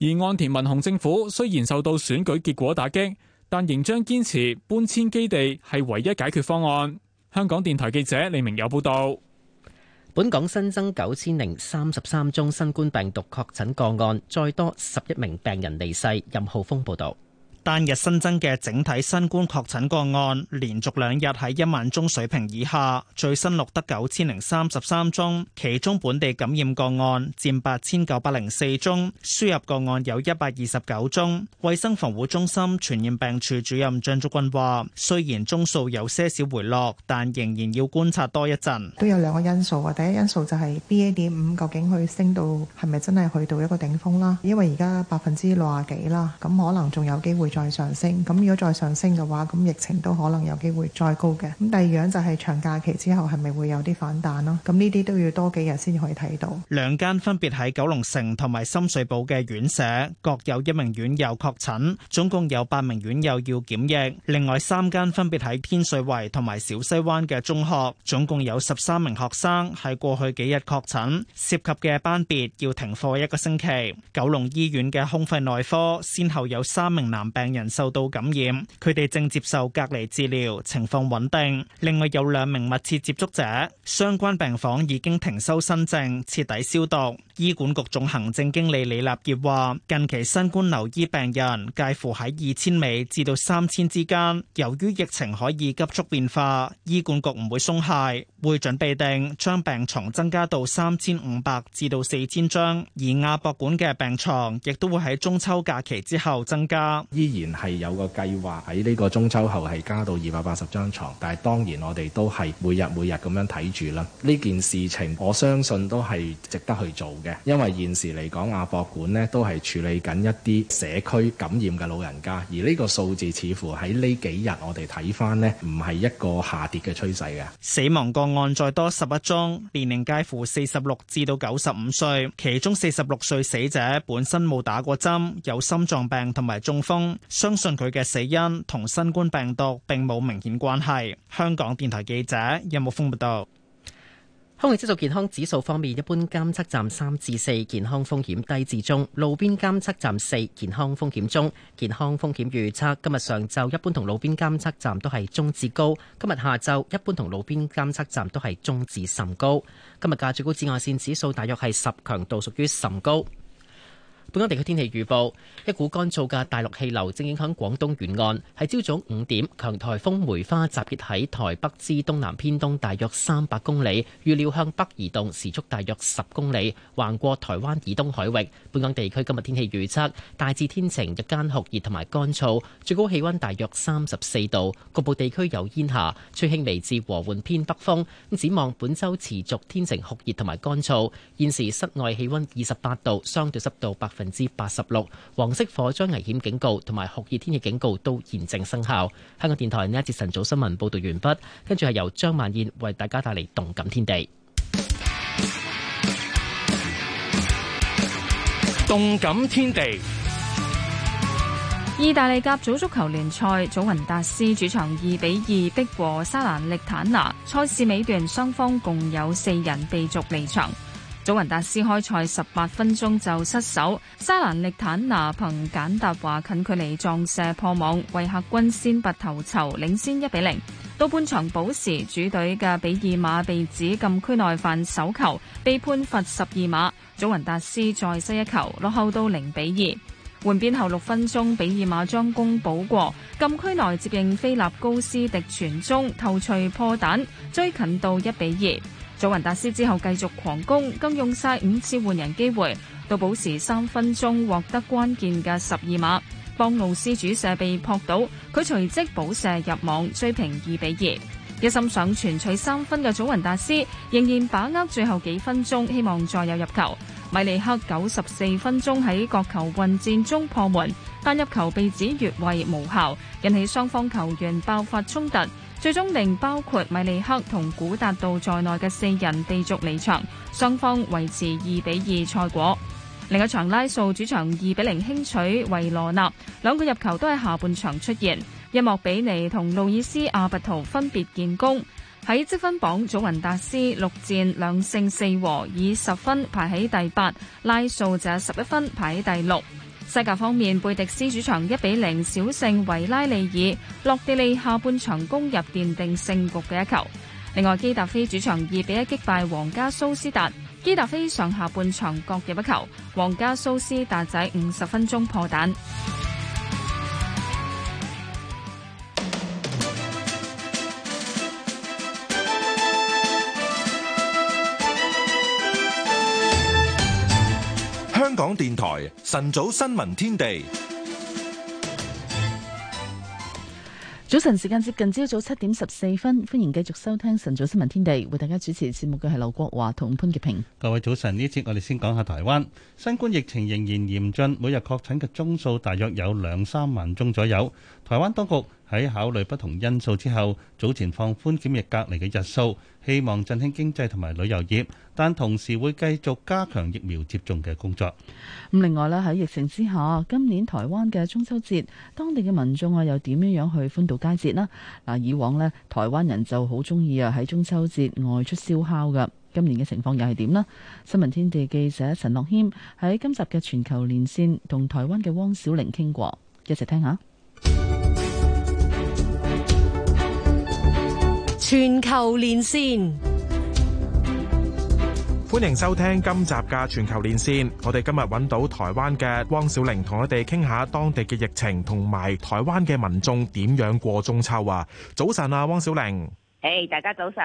而岸田文雄政府雖然受到選舉結果打擊，但仍將堅持搬遷基地係唯一解決方案。香港電台記者李明友報道。本港新增九千零三十三宗新冠病毒確診個案，再多十一名病人離世，任浩峰報道。單日新增嘅整體新冠確診個案，連續兩日喺一萬宗水平以下，最新錄得九千零三十三宗，其中本地感染個案佔八千九百零四宗，輸入個案有一百二十九宗。衛生防護中心傳染病處主任張竹君話，雖然宗數有些少回落，但仍然要觀察多一陣。都有兩個因素啊，第一因素就係 B.A. 點五究竟去升到係咪真係去到一個頂峰啦？因為而家百分之六啊幾啦，咁可能仲有機會。再上升，咁如果再上升嘅話，咁疫情都可能有機會再高嘅。咁第二樣就係長假期之後，係咪會有啲反彈咯？咁呢啲都要多幾日先至可以睇到。兩間分別喺九龍城同埋深水埗嘅院舍，各有一名院友確診，總共有八名院友要檢疫。另外三間分別喺天水圍同埋小西灣嘅中學，總共有十三名學生喺過去幾日確診，涉及嘅班別要停課一個星期。九龍醫院嘅胸肺內科先後有三名男病。病人受到感染，佢哋正接受隔離治療，情況穩定。另外有兩名密切接觸者，相關病房已經停收新症，徹底消毒。醫管局總行政經理李立業話：近期新冠留醫病人介乎喺二千尾至到三千之間。由於疫情可以急速變化，醫管局唔會鬆懈，會準備定將病床增加到三千五百至到四千張，而亞博館嘅病床亦都會喺中秋假期之後增加。然係有個計劃喺呢個中秋後，係加到二百八十張床。但係當然我哋都係每日每日咁樣睇住啦。呢件事情我相信都係值得去做嘅，因為現時嚟講亞博館咧都係處理緊一啲社區感染嘅老人家，而呢個數字似乎喺呢幾日我哋睇翻咧，唔係一個下跌嘅趨勢嘅。死亡個案再多十一宗，年齡介乎四十六至到九十五歲，其中四十六歲死者本身冇打過針，有心臟病同埋中風。相信佢嘅死因同新冠病毒並冇明顯關係。香港電台記者任木峰報道。空氣質素健康指數方面，一般監測站三至四，健康風險低至中；路邊監測站四，健康風險中。健康風險預測今日上晝一般同路邊監測站都係中至高；今日下晝一般同路邊監測站都係中至甚高。今日嘅最高紫外線指數大約係十，強度屬於甚高。本港地區天氣預報：一股乾燥嘅大陸氣流正影響廣東沿岸。喺朝早五點，強台風梅花集結喺台北至東南偏東大約三百公里，預料向北移動，時速大約十公里，橫過台灣以東海域。本港地區今日天氣預測：大致天晴，日間酷熱同埋乾燥，最高氣溫大約三十四度，局部地區有煙霞，吹輕微至和緩偏北風。展望本週持續天晴、酷熱同埋乾燥。現時室外氣溫二十八度，相對濕度百分。百分之八十六，黃色火災危險警告同埋酷熱天氣警告都現正生效。香港電台呢一節晨早新聞報道完畢，跟住係由張曼燕為大家帶嚟動感天地。動感天地。意大利甲組足球聯賽，祖雲達斯主場二比二逼和沙蘭力坦拿。賽事尾段，雙方共有四人被逐離場。祖雲達斯開賽十八分鐘就失守，沙蘭力坦拿憑簡達華近距離撞射破網，為客軍先拔頭籌，領先一比零。到半場補時，主隊嘅比爾馬被指禁區內犯手球，被判罰十二碼，祖雲達斯再失一球，落後到零比二。換邊後六分鐘，比爾馬將功補過，禁區內接應菲納高斯迪傳中，頭槌破蛋，追近到一比二。祖雲達斯之後繼續狂攻，更用晒五次換人機會，到補時三分鐘獲得關鍵嘅十二碼。邦奧斯主射被撲倒，佢隨即補射入網，追平二比二。一心想全取三分嘅祖雲達斯，仍然把握最後幾分鐘，希望再有入球。米利克九十四分鐘喺角球混戰中破門，但入球被指越位無效，引起雙方球員爆發衝突。最終令包括米利克同古達道在內嘅四人繼續離場，雙方維持二比二賽果。另一場拉素主場二比零輕取維羅納，兩個入球都係下半場出現，一莫比尼同路易斯阿拔圖分別建功。喺積分榜，祖雲達斯六戰兩勝四和，以十分排喺第八，拉素就十一分排喺第六。西甲方面，貝迪斯主場一比零小勝維拉利爾，洛蒂利下半場攻入奠定勝局嘅一球。另外，基達菲主場二比一擊敗皇家蘇斯達，基達菲上下半場各入一球，皇家蘇斯達仔五十分鐘破蛋。港電台晨早新聞天地，早晨，時間接近朝早七點十四分，歡迎繼續收聽晨早新聞天地，為大家主持節目嘅係劉國華同潘潔平。各位早晨，呢節我哋先講下台灣新冠疫情仍然嚴峻，每日確診嘅宗數大約有兩三萬宗左右。台灣當局喺考慮不同因素之後，早前放寬檢疫隔離嘅日數，希望振興經濟同埋旅遊業，但同時會繼續加強疫苗接種嘅工作。咁另外呢喺疫情之下，今年台灣嘅中秋節，當地嘅民眾啊又點樣樣去歡度佳節呢？嗱，以往呢台灣人就好鍾意啊喺中秋節外出燒烤㗎，今年嘅情況又係點呢？新聞天地記者陳樂謙喺今集嘅全球連線同台灣嘅汪小玲傾過，一齊聽下。全球連線，歡迎收聽今集嘅全球連線。我哋今日揾到台灣嘅汪小玲，同我哋傾下當地嘅疫情，同埋台灣嘅民眾點樣過中秋啊！早晨啊，汪小玲。誒，hey, 大家早晨！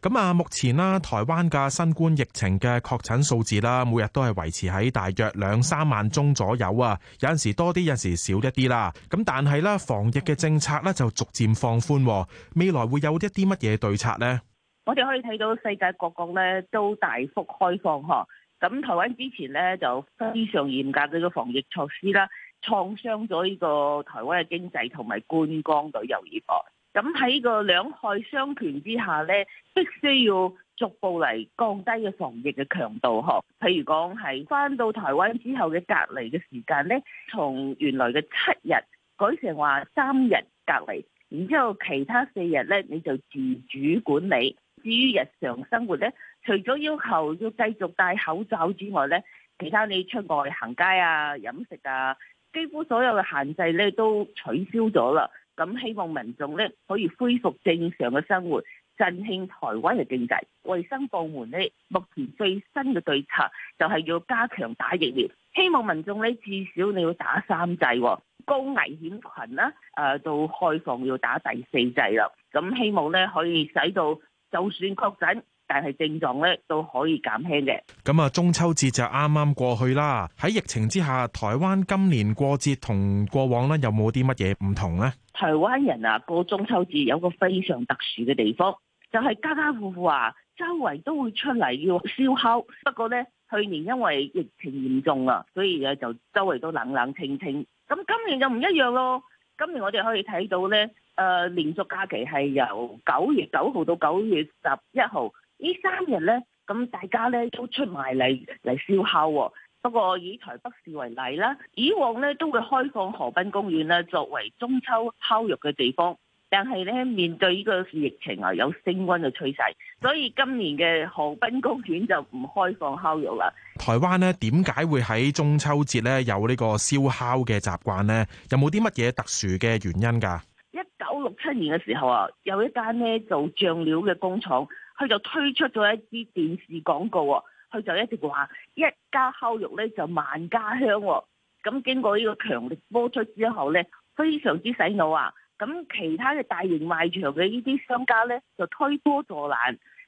咁啊，目前啦，台灣嘅新冠疫情嘅確診數字啦，每日都係維持喺大約兩三萬宗左右啊。有陣時多啲，有陣時少一啲啦。咁但係啦，防疫嘅政策咧就逐漸放寬，未來會有一啲乜嘢對策呢？我哋可以睇到世界各國咧都大幅開放，嗬。咁台灣之前咧就非常嚴格嘅個防疫措施啦，創傷咗呢個台灣嘅經濟同埋觀光旅遊業。咁喺個兩害相權之下呢，必須要逐步嚟降低嘅防疫嘅強度嗬，譬如講係翻到台灣之後嘅隔離嘅時間呢從原來嘅七日改成話三日隔離，然之後其他四日呢你就自主管理。至於日常生活呢，除咗要求要繼續戴口罩之外呢，其他你出外行街啊、飲食啊，幾乎所有嘅限制呢都取消咗啦。咁希望民眾咧可以恢復正常嘅生活，振興台灣嘅經濟。衞生部門呢目前最新嘅對策就係要加強打疫苗，希望民眾咧至少你要打三劑，高危險群啦，誒到開放要打第四劑啦。咁希望咧可以使到就算確診，但係症狀咧都可以減輕嘅。咁啊，中秋節就啱啱過去啦。喺疫情之下，台灣今年過節同過往咧有冇啲乜嘢唔同呢？台灣人啊，過中秋節有個非常特殊嘅地方，就係家家戶戶啊，周圍都會出嚟要燒烤。不過呢，去年因為疫情嚴重啊，所以咧就周圍都冷冷清清。咁今年就唔一樣咯。今年我哋可以睇到呢誒，連續假期係由九月九號到九月十一號。呢三日呢，咁大家呢都出埋嚟嚟燒烤喎。不過以台北市為例啦，以往呢都會開放河濱公園呢作為中秋烤肉嘅地方，但係呢，面對呢個疫情啊，有升溫嘅趨勢，所以今年嘅河濱公園就唔開放烤肉啦。台灣呢點解會喺中秋節呢有呢個燒烤嘅習慣呢？有冇啲乜嘢特殊嘅原因㗎？一九六七年嘅時候啊，有一間呢做醬料嘅工廠。佢就推出咗一支電視廣告、哦，佢就一直話一家烤肉呢就萬家香、哦，咁經過呢個強力播出之後呢，非常之洗腦啊！咁其他嘅大型賣場嘅呢啲商家呢，就推波助瀾，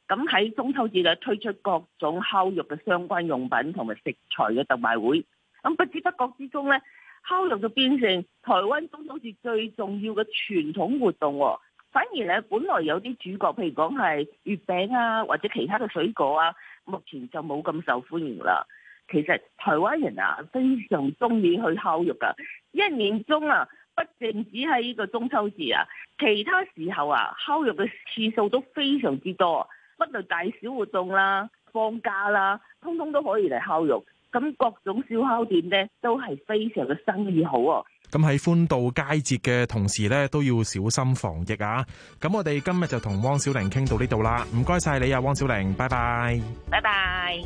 咁喺中秋節就推出各種烤肉嘅相關用品同埋食材嘅特賣會，咁不知不覺之中呢，烤肉就變成台灣中秋節最重要嘅傳統活動、哦。反而咧，本來有啲主角，譬如講係月餅啊，或者其他嘅水果啊，目前就冇咁受歡迎啦。其實台灣人啊，非常中意去烤肉㗎，一年中啊，不淨止喺呢個中秋節啊，其他時候啊，烤肉嘅次數都非常之多，不論大小活動啦、啊、放假啦、啊，通通都可以嚟烤肉。咁各種燒烤店呢，都係非常嘅生意好、啊。咁喺歡度佳節嘅同時咧，都要小心防疫啊！咁、啊、我哋今日就同汪小玲傾到呢度啦，唔該晒你啊，汪小玲，拜拜，拜拜。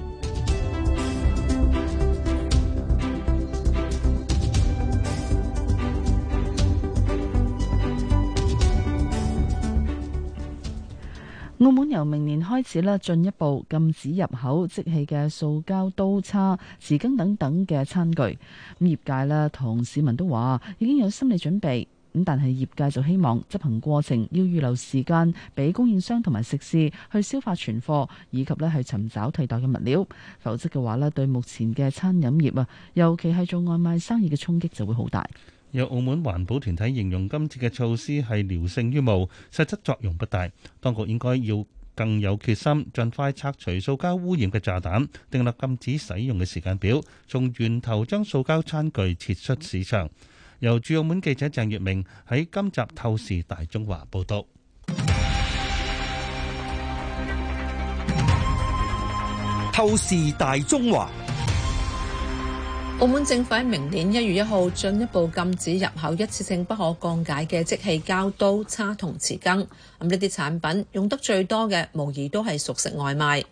澳門由明年開始咧，進一步禁止入口即棄嘅塑膠刀叉、匙羹等等嘅餐具。咁業界咧同市民都話已經有心理準備，咁但係業界就希望執行過程要預留時間俾供應商同埋食肆去消化存貨，以及咧係尋找替代嘅物料，否則嘅話咧對目前嘅餐飲業啊，尤其係做外賣生意嘅衝擊就會好大。有澳門環保團體形容今次嘅措施係聊勝於無，實質作用不大。當局應該要更有決心，盡快拆除塑膠污染嘅炸彈，訂立禁止使用嘅時間表，從源頭將塑膠餐具撤出市場。由駐澳門記者鄭月明喺今集透視大中華報道。透視大中華。報導透視大中華。澳門政府喺明年一月一號進一步禁止入口一次性不可降解嘅即棄膠刀、叉同匙羹。咁呢啲產品用得最多嘅，無疑都係熟食外賣。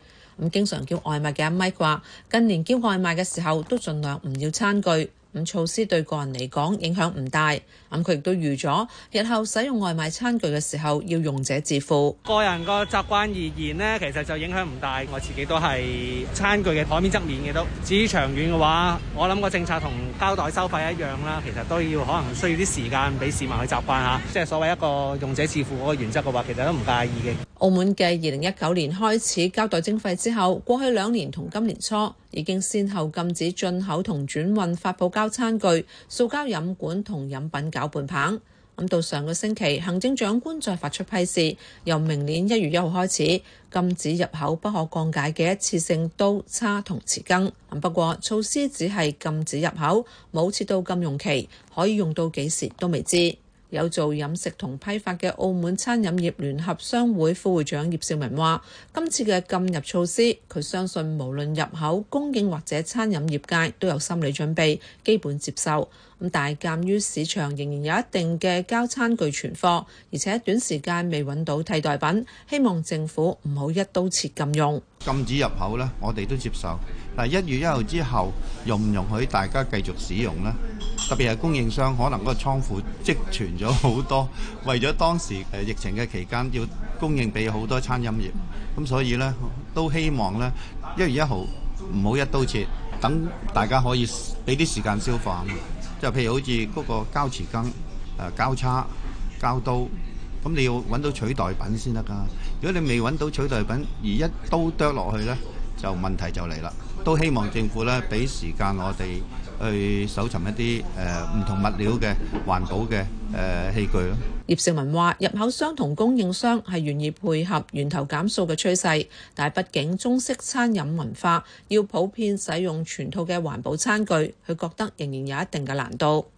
咁經常叫外賣嘅阿 Mike 話，近年叫外賣嘅時候都盡量唔要餐具。咁措施對個人嚟講影響唔大，咁佢亦都預咗日後使用外賣餐具嘅時候要用者自負。個人個習慣而言咧，其實就影響唔大。我自己都係餐具嘅枱面側面嘅都。至於長遠嘅話，我諗個政策同膠袋收費一樣啦，其實都要可能需要啲時間俾市民去習慣吓。即係所謂一個用者自負嗰個原則嘅話，其實都唔介意嘅。澳門嘅二零一九年開始膠袋徵費之後，過去兩年同今年初，已經先後禁止進口同轉運發泡膠餐具、塑膠飲管同飲品攪拌棒。咁到上個星期，行政長官再發出批示，由明年一月一號開始禁止入口不可降解嘅一次性刀叉同匙羹。不過措施只係禁止入口，冇設到禁用期，可以用到幾時都未知。有做飲食同批發嘅澳門餐飲業聯合商會副會長葉少文話：今次嘅禁入措施，佢相信無論入口、供應或者餐飲業界都有心理準備，基本接受。咁但係鑑於市場仍然有一定嘅膠餐具存貨，而且短時間未揾到替代品，希望政府唔好一刀切禁用。禁止入口呢，我哋都接受。但係，一月一號之後容唔容許大家繼續使用呢？特別係供應商可能個倉庫積存咗好多，為咗當時誒疫情嘅期間要供應俾好多餐飲業。咁所以呢都希望呢一月一號唔好一刀切，等大家可以俾啲時間消化。就譬如好似嗰個膠匙羹、誒膠叉、膠刀。咁你要揾到取代品先得㗎。如果你未揾到取代品，而一刀剁落去咧，就問題就嚟啦。都希望政府咧俾時間我哋去搜尋一啲誒唔同物料嘅環保嘅誒器具咯。葉成文話：入口商同供應商係願意配合源頭減數嘅趨勢，但係畢竟中式餐飲文化要普遍使用全套嘅環保餐具，佢覺得仍然有一定嘅難度。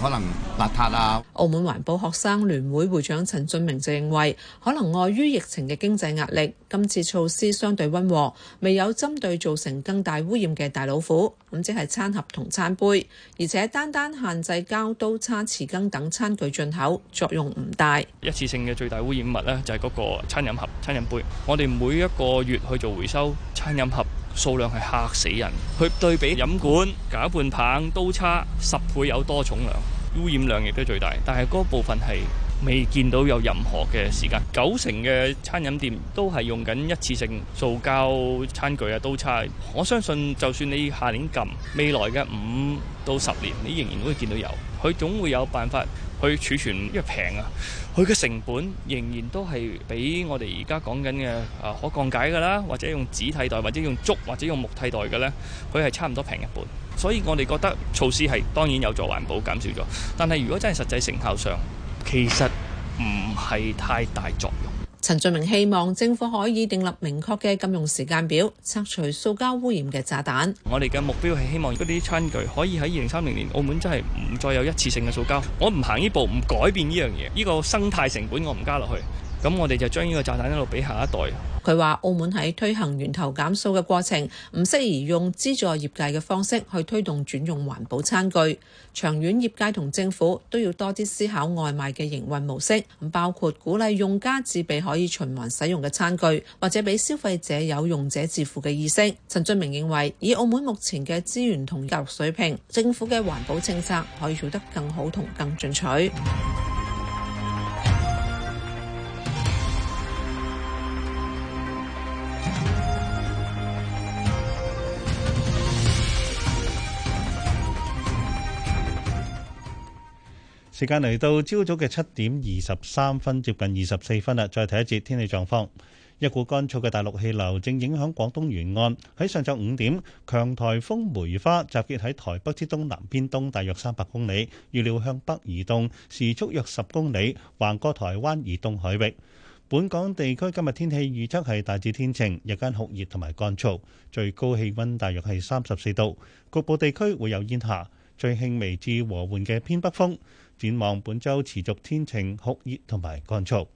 可能邋遢喇！澳門環保學生聯會會長陳俊明就認為，可能礙於疫情嘅經濟壓力，今次措施相對溫和，未有針對造成更大污染嘅大老虎。咁即係餐盒同餐杯，而且單單限制膠刀、叉、匙羹等餐具進口，作用唔大。一次性嘅最大污染物呢，就係嗰個餐飲盒、餐飲杯。我哋每一個月去做回收餐飲盒。數量係嚇死人，佢對比飲管、攪拌棒、刀叉十倍有多重量，污染量亦都最大。但係嗰部分係未見到有任何嘅時間，九成嘅餐飲店都係用緊一次性塑膠餐具啊，刀叉。我相信就算你下年禁，未來嘅五到十年，你仍然會見到有佢總會有辦法去儲存，因為平啊。佢嘅成本仍然都係比我哋而家講緊嘅啊可降解嘅啦，或者用紙替代，或者用竹或者用木替代嘅咧，佢係差唔多平一半。所以我哋覺得措施係當然有助環保，減少咗。但係如果真係實際成效上，其實唔係太大作用。陳俊明希望政府可以訂立明確嘅禁用時間表，拆除塑膠污染嘅炸彈。我哋嘅目標係希望嗰啲餐具可以喺二零三零年澳門真係唔再有一次性嘅塑膠。我唔行呢步，唔改變呢樣嘢，呢個生態成本我唔加落去。咁我哋就將呢個炸彈一路俾下一代。佢話：澳門喺推行源頭減塑嘅過程，唔適宜用資助業界嘅方式去推動轉用環保餐具。長遠業界同政府都要多啲思考外賣嘅營運模式，咁包括鼓勵用家自備可以循環使用嘅餐具，或者俾消費者有用者自付嘅意識。陳俊明認為，以澳門目前嘅資源同教育水平，政府嘅環保政策可以做得更好同更進取。時間嚟到朝早嘅七點二十三分，接近二十四分啦。再睇一節天氣狀況，一股乾燥嘅大陸氣流正影響廣東沿岸。喺上晝五點，強颱風梅花集結喺台北之東南偏東，大約三百公里，預料向北移動，時速約十公里，橫過台灣移動海域。本港地區今日天氣預測係大致天晴，日間酷熱同埋乾燥，最高氣温大約係三十四度，局部地區會有煙霞，最輕微至和緩嘅偏北風。展望本周持續天晴酷熱同埋乾燥，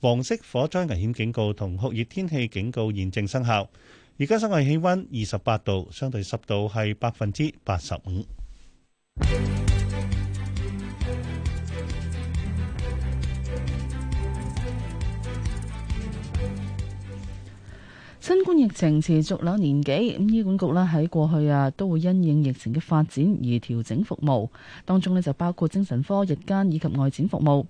黃色火災危險警告同酷熱天氣警告現正生效。而家室外氣温二十八度，相對濕度係百分之八十五。新冠疫情持續兩年幾，醫管局呢喺過去啊都會因應疫情嘅發展而調整服務，當中呢就包括精神科日間以及外展服務。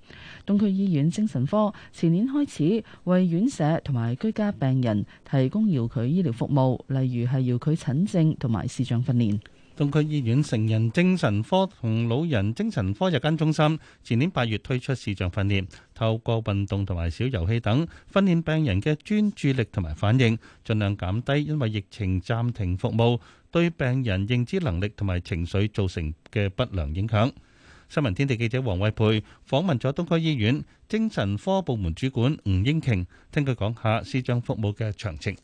東區醫院精神科前年開始為院舍同埋居家病人提供遙距醫療服務，例如係遙距診症同埋視像訓練。東區醫院成人精神科同老人精神科日間中心前年八月推出視像訓練，透過運動同埋小遊戲等訓練病人嘅專注力同埋反應，盡量減低因為疫情暫停服務對病人認知能力同埋情緒造成嘅不良影響。新聞天地記者王惠培訪問咗東區醫院精神科部門主管吳英瓊，聽佢講下視像服務嘅詳情。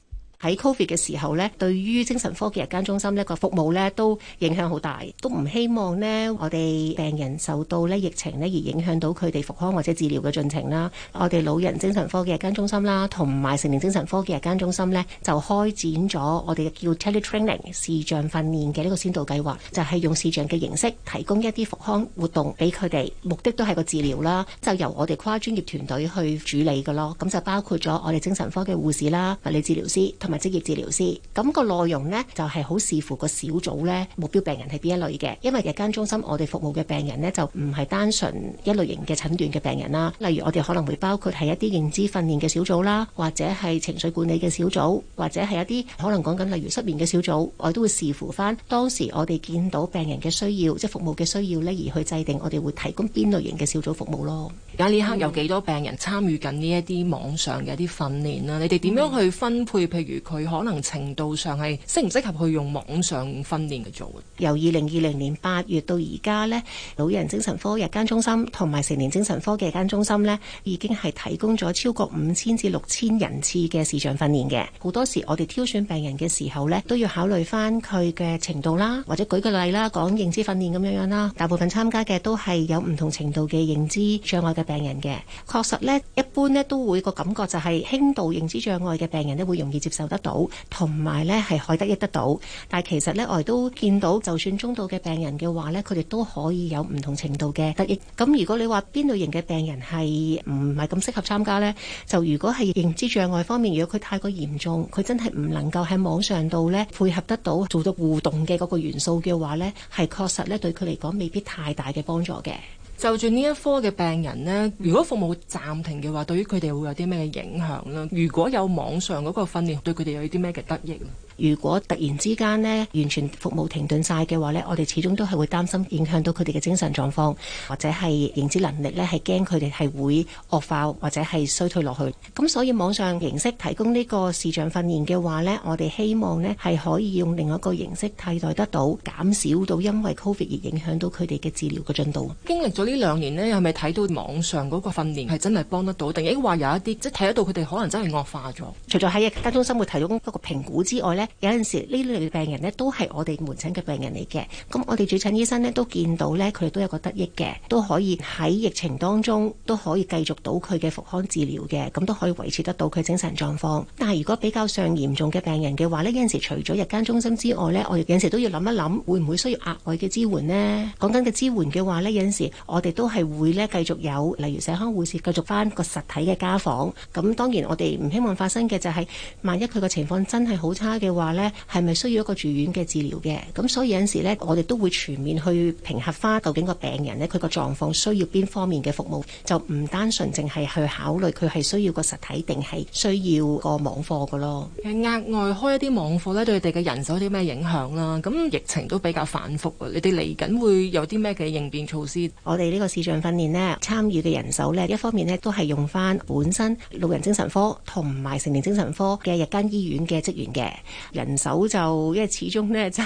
喺 COVID 嘅時候咧，對於精神科嘅日間中心呢個服務咧，都影響好大，都唔希望咧我哋病人受到咧疫情咧而影響到佢哋復康或者治療嘅進程啦。我哋老人精神科嘅日間中心啦，同埋成年精神科嘅日間中心咧，就開展咗我哋叫 teletraining 視像訓練嘅呢個先導計劃，就係用視像嘅形式提供一啲復康活動俾佢哋，目的都係個治療啦。就由我哋跨專業團隊去處理嘅咯，咁就包括咗我哋精神科嘅護士啦、物理治療師同或者職業治療師。咁個內容呢，就係好視乎個小組呢，目標病人係邊一類嘅，因為日間中心我哋服務嘅病人呢，就唔係單純一類型嘅診斷嘅病人啦。例如我哋可能會包括係一啲認知訓練嘅小組啦，或者係情緒管理嘅小組，或者係一啲可能講緊例如失眠嘅小組，我都會視乎翻當時我哋見到病人嘅需要，即係服務嘅需要呢，而去制定我哋會提供邊類型嘅小組服務咯。而家呢刻有幾多病人參與緊呢一啲網上嘅一啲訓練啊？你哋點樣去分配？嗯、譬如佢可能程度上係適唔適合去用網上訓練嚟做嘅。由二零二零年八月到而家咧，老人精神科日間中心同埋成年精神科嘅日間中心咧，已經係提供咗超過五千至六千人次嘅視像訓練嘅。好多時我哋挑選病人嘅時候咧，都要考慮翻佢嘅程度啦，或者舉個例啦，講認知訓練咁樣樣啦。大部分參加嘅都係有唔同程度嘅認知障礙嘅病人嘅。確實咧，一般咧都會個感覺就係輕度認知障礙嘅病人都會容易接受。得到同埋咧，係可以得益得到，但係其實咧我哋都見到，就算中度嘅病人嘅話咧，佢哋都可以有唔同程度嘅得益。咁如果你話邊類型嘅病人係唔係咁適合參加呢？就如果係認知障礙方面，如果佢太過嚴重，佢真係唔能夠喺網上度咧配合得到做到互動嘅嗰個元素嘅話呢，係確實咧對佢嚟講未必太大嘅幫助嘅。就住呢一科嘅病人呢，如果服務暫停嘅話，對於佢哋會有啲咩影響呢？如果有網上嗰個訓練，對佢哋有啲咩嘅得益呢？如果突然之間咧，完全服務停頓晒嘅話咧，我哋始終都係會擔心影響到佢哋嘅精神狀況，或者係認知能力咧，係驚佢哋係會惡化或者係衰退落去。咁所以網上形式提供呢個視像訓練嘅話咧，我哋希望咧係可以用另外一個形式替代得到，減少到因為 COVID 而影響到佢哋嘅治療嘅進度。經歷咗呢兩年咧，係咪睇到網上嗰個訓練係真係幫得到，定係話有一啲即係睇得到佢哋可能真係惡化咗？除咗喺家中生活提供一個評估之外咧？有陣時呢類病人呢，都係我哋門診嘅病人嚟嘅。咁我哋主診醫生呢，都見到呢，佢哋都有個得益嘅，都可以喺疫情當中都可以繼續到佢嘅復康治療嘅，咁都可以維持得到佢精神狀況。但係如果比較上嚴重嘅病人嘅話呢，有陣時除咗日間中心之外呢，我哋有陣時都要諗一諗，會唔會需要額外嘅支援呢？講緊嘅支援嘅話呢，有陣時我哋都係會呢繼續有，例如社康護士繼續翻個實體嘅家訪。咁當然我哋唔希望發生嘅就係，萬一佢個情況真係好差嘅。話咧係咪需要一個住院嘅治療嘅咁？所以有陣時咧，我哋都會全面去評核翻究竟個病人咧，佢個狀況需要邊方面嘅服務，就唔單純淨係去考慮佢係需要個實體定係需要個網課噶咯。其實額外開一啲網課咧，對你哋嘅人手有啲咩影響啦？咁疫情都比較反覆啊，你哋嚟緊會有啲咩嘅應變措施？我哋呢個視像訓練呢，參與嘅人手呢，一方面呢，都係用翻本身老人精神科同埋成年精神科嘅日間醫院嘅職員嘅。人手就，因為始終呢，就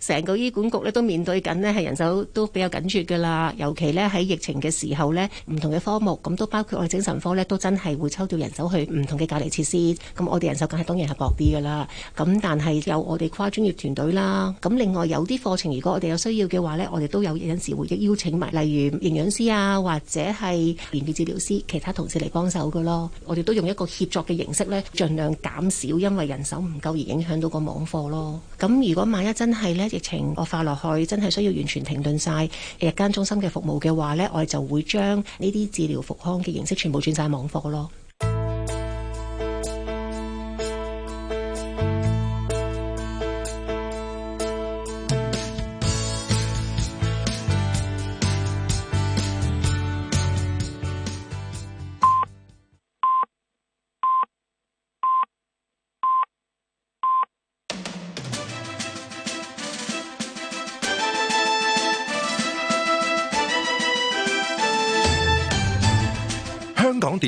成個醫管局咧都面對緊呢係人手都比較緊缺噶啦。尤其呢，喺疫情嘅時候呢，唔同嘅科目咁都包括我哋精神科呢都真係會抽調人手去唔同嘅隔離設施。咁我哋人手梗係當然係薄啲噶啦，咁但係有我哋跨專業團隊啦。咁另外有啲課程，如果我哋有需要嘅話呢，我哋都有有陣時會邀請埋，例如營養師啊，或者係言語治療師，其他同事嚟幫手噶咯。我哋都用一個協作嘅形式呢，盡量減少因為人手唔夠而影響到個網課咯，咁如果萬一真係咧疫情惡化落去，真係需要完全停頓晒日間中心嘅服務嘅話咧，我哋就會將呢啲治療復康嘅形式全部轉晒網課咯。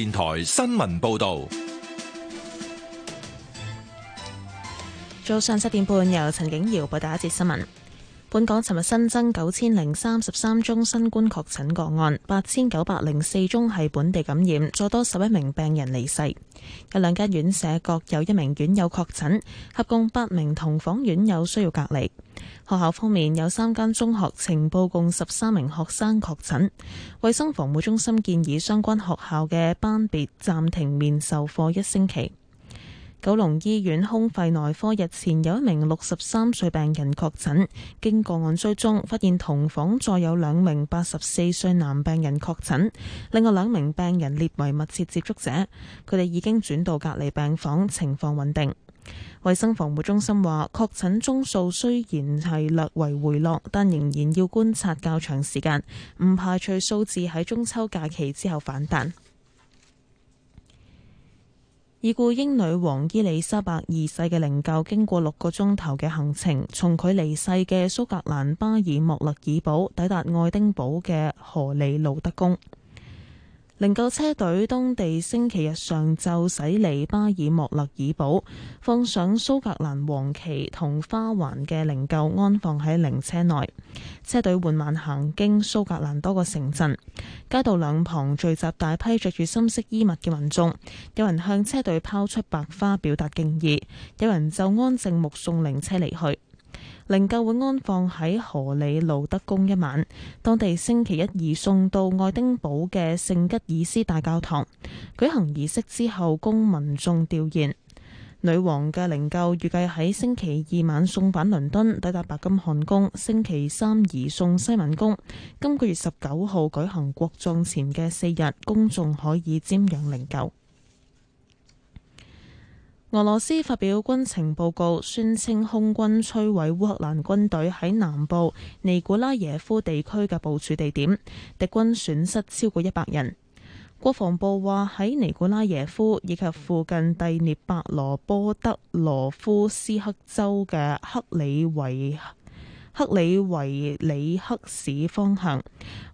電台新聞報道。早上七點半，由陳景瑤報道一節新聞。本港尋日新增九千零三十三宗新冠確診個案，八千九百零四宗係本地感染，再多十一名病人離世。有兩間院舍各有一名院友確診，合共八名同房院友需要隔離。學校方面，有三間中學呈報共十三名學生確診，衛生防護中心建議相關學校嘅班別暫停面授課一星期。九龍醫院胸肺內科日前有一名六十三歲病人確診，經個案追蹤發現同房再有兩名八十四歲男病人確診，另外兩名病人列為密切接觸者，佢哋已經轉到隔離病房，情況穩定。衛生防護中心話，確診宗數雖然係略為回落，但仍然要觀察較長時間，唔排除數字喺中秋假期之後反彈。已故英女王伊麗莎白二世嘅靈柩，經過六個鐘頭嘅行程，從佢離世嘅蘇格蘭巴爾莫勒爾堡抵達愛丁堡嘅荷里路德宮。靈柩車隊當地星期日上晝駛離巴爾莫勒爾堡，放上蘇格蘭黃旗同花環嘅靈柩，安放喺靈車內。車隊緩慢行經蘇格蘭多個城鎮，街道兩旁聚集大批着住深色衣物嘅民眾，有人向車隊拋出白花表達敬意，有人就安靜目送靈車離去。靈柩會安放喺荷里路德宮一晚，當地星期一移送到愛丁堡嘅聖吉爾斯大教堂舉行儀式之後，供民眾弔唁。女王嘅靈柩預計喺星期二晚送返倫敦，抵達白金漢宮，星期三移送西敏宮。今個月十九號舉行國葬前嘅四日，公眾可以瞻仰靈柩。俄羅斯發表軍情報告，宣稱空軍摧毀烏克蘭軍隊喺南部尼古拉耶夫地區嘅部署地點，敵軍損失超過一百人。國防部話喺尼古拉耶夫以及附近蒂涅伯羅波德羅夫斯克州嘅克里維，克里維里克市方向，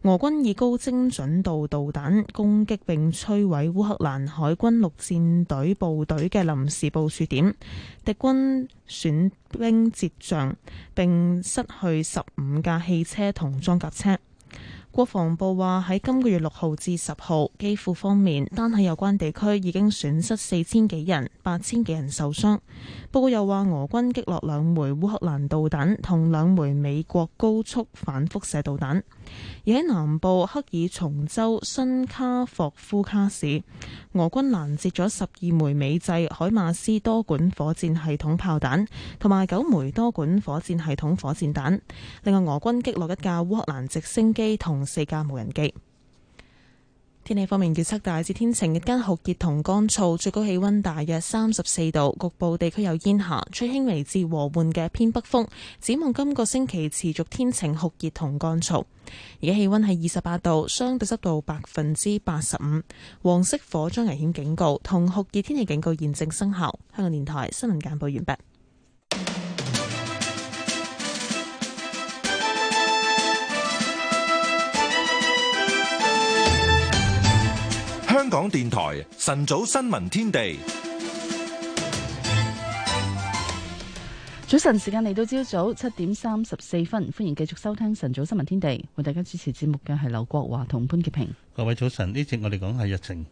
俄軍以高精準度導彈攻擊並摧毀烏克蘭海軍陸戰隊部隊嘅臨時部署點，敵軍損兵折將，並失去十五架汽車同裝甲車。國防部話喺今個月六號至十號，機庫方面單喺有關地區已經損失四千幾人，八千幾人受傷。報告又話俄軍擊落兩枚烏克蘭導彈同兩枚美國高速反輻射導彈。而喺南部赫爾松州新卡霍夫卡市，俄軍攔截咗十二枚美製海馬斯多管火箭系統炮彈同埋九枚多管火箭系統火箭彈。另外，俄軍擊落一架烏克蘭直升機同四架無人機。天氣方面，預測大致天晴，日間酷熱同乾燥，最高氣溫大約三十四度，局部地區有煙霞，吹輕微至和緩嘅偏北風。展望今個星期持續天晴，酷熱同乾燥，而家氣溫係二十八度，相對濕度百分之八十五，黃色火災危險警告同酷熱天氣警告現正生效。香港電台新聞簡報完畢。香港電台晨早新聞天地，早晨時間嚟到朝早七點三十四分，歡迎繼續收聽晨早新聞天地。為大家主持節目嘅係劉國華同潘潔平。各位早晨，呢節我哋講下疫情。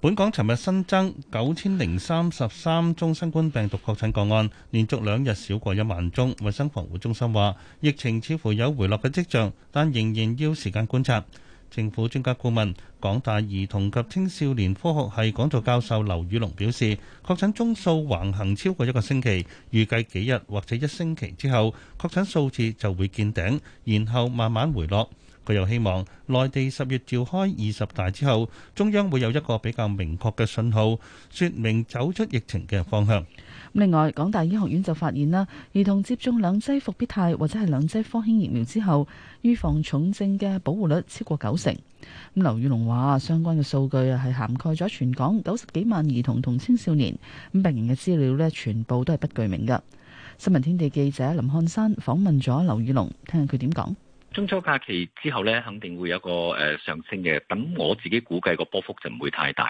本港尋日新增九千零三十三宗新冠病毒確診個案，連續兩日少過一萬宗。衛生防護中心話，疫情似乎有回落嘅跡象，但仍然要時間觀察。政府專家顧問、港大兒童及青少年科學系講座教授劉宇龍表示，確診宗數橫行超過一個星期，預計幾日或者一星期之後，確診數字就會見頂，然後慢慢回落。佢又希望，內地十月召開二十大之後，中央會有一個比較明確嘅信號，説明走出疫情嘅方向。另外，港大醫學院就發現啦，兒童接種兩劑復必泰或者係兩劑科興疫苗之後，預防重症嘅保護率超過九成。咁劉宇龍話，相關嘅數據係涵蓋咗全港九十幾萬兒童同青少年。咁病人嘅資料呢，全部都係不具名㗎。新聞天地記者林漢山訪問咗劉宇龍，聽下佢點講。中秋假期之後咧，肯定會有一個誒上升嘅。咁我自己估計個波幅就唔會太大。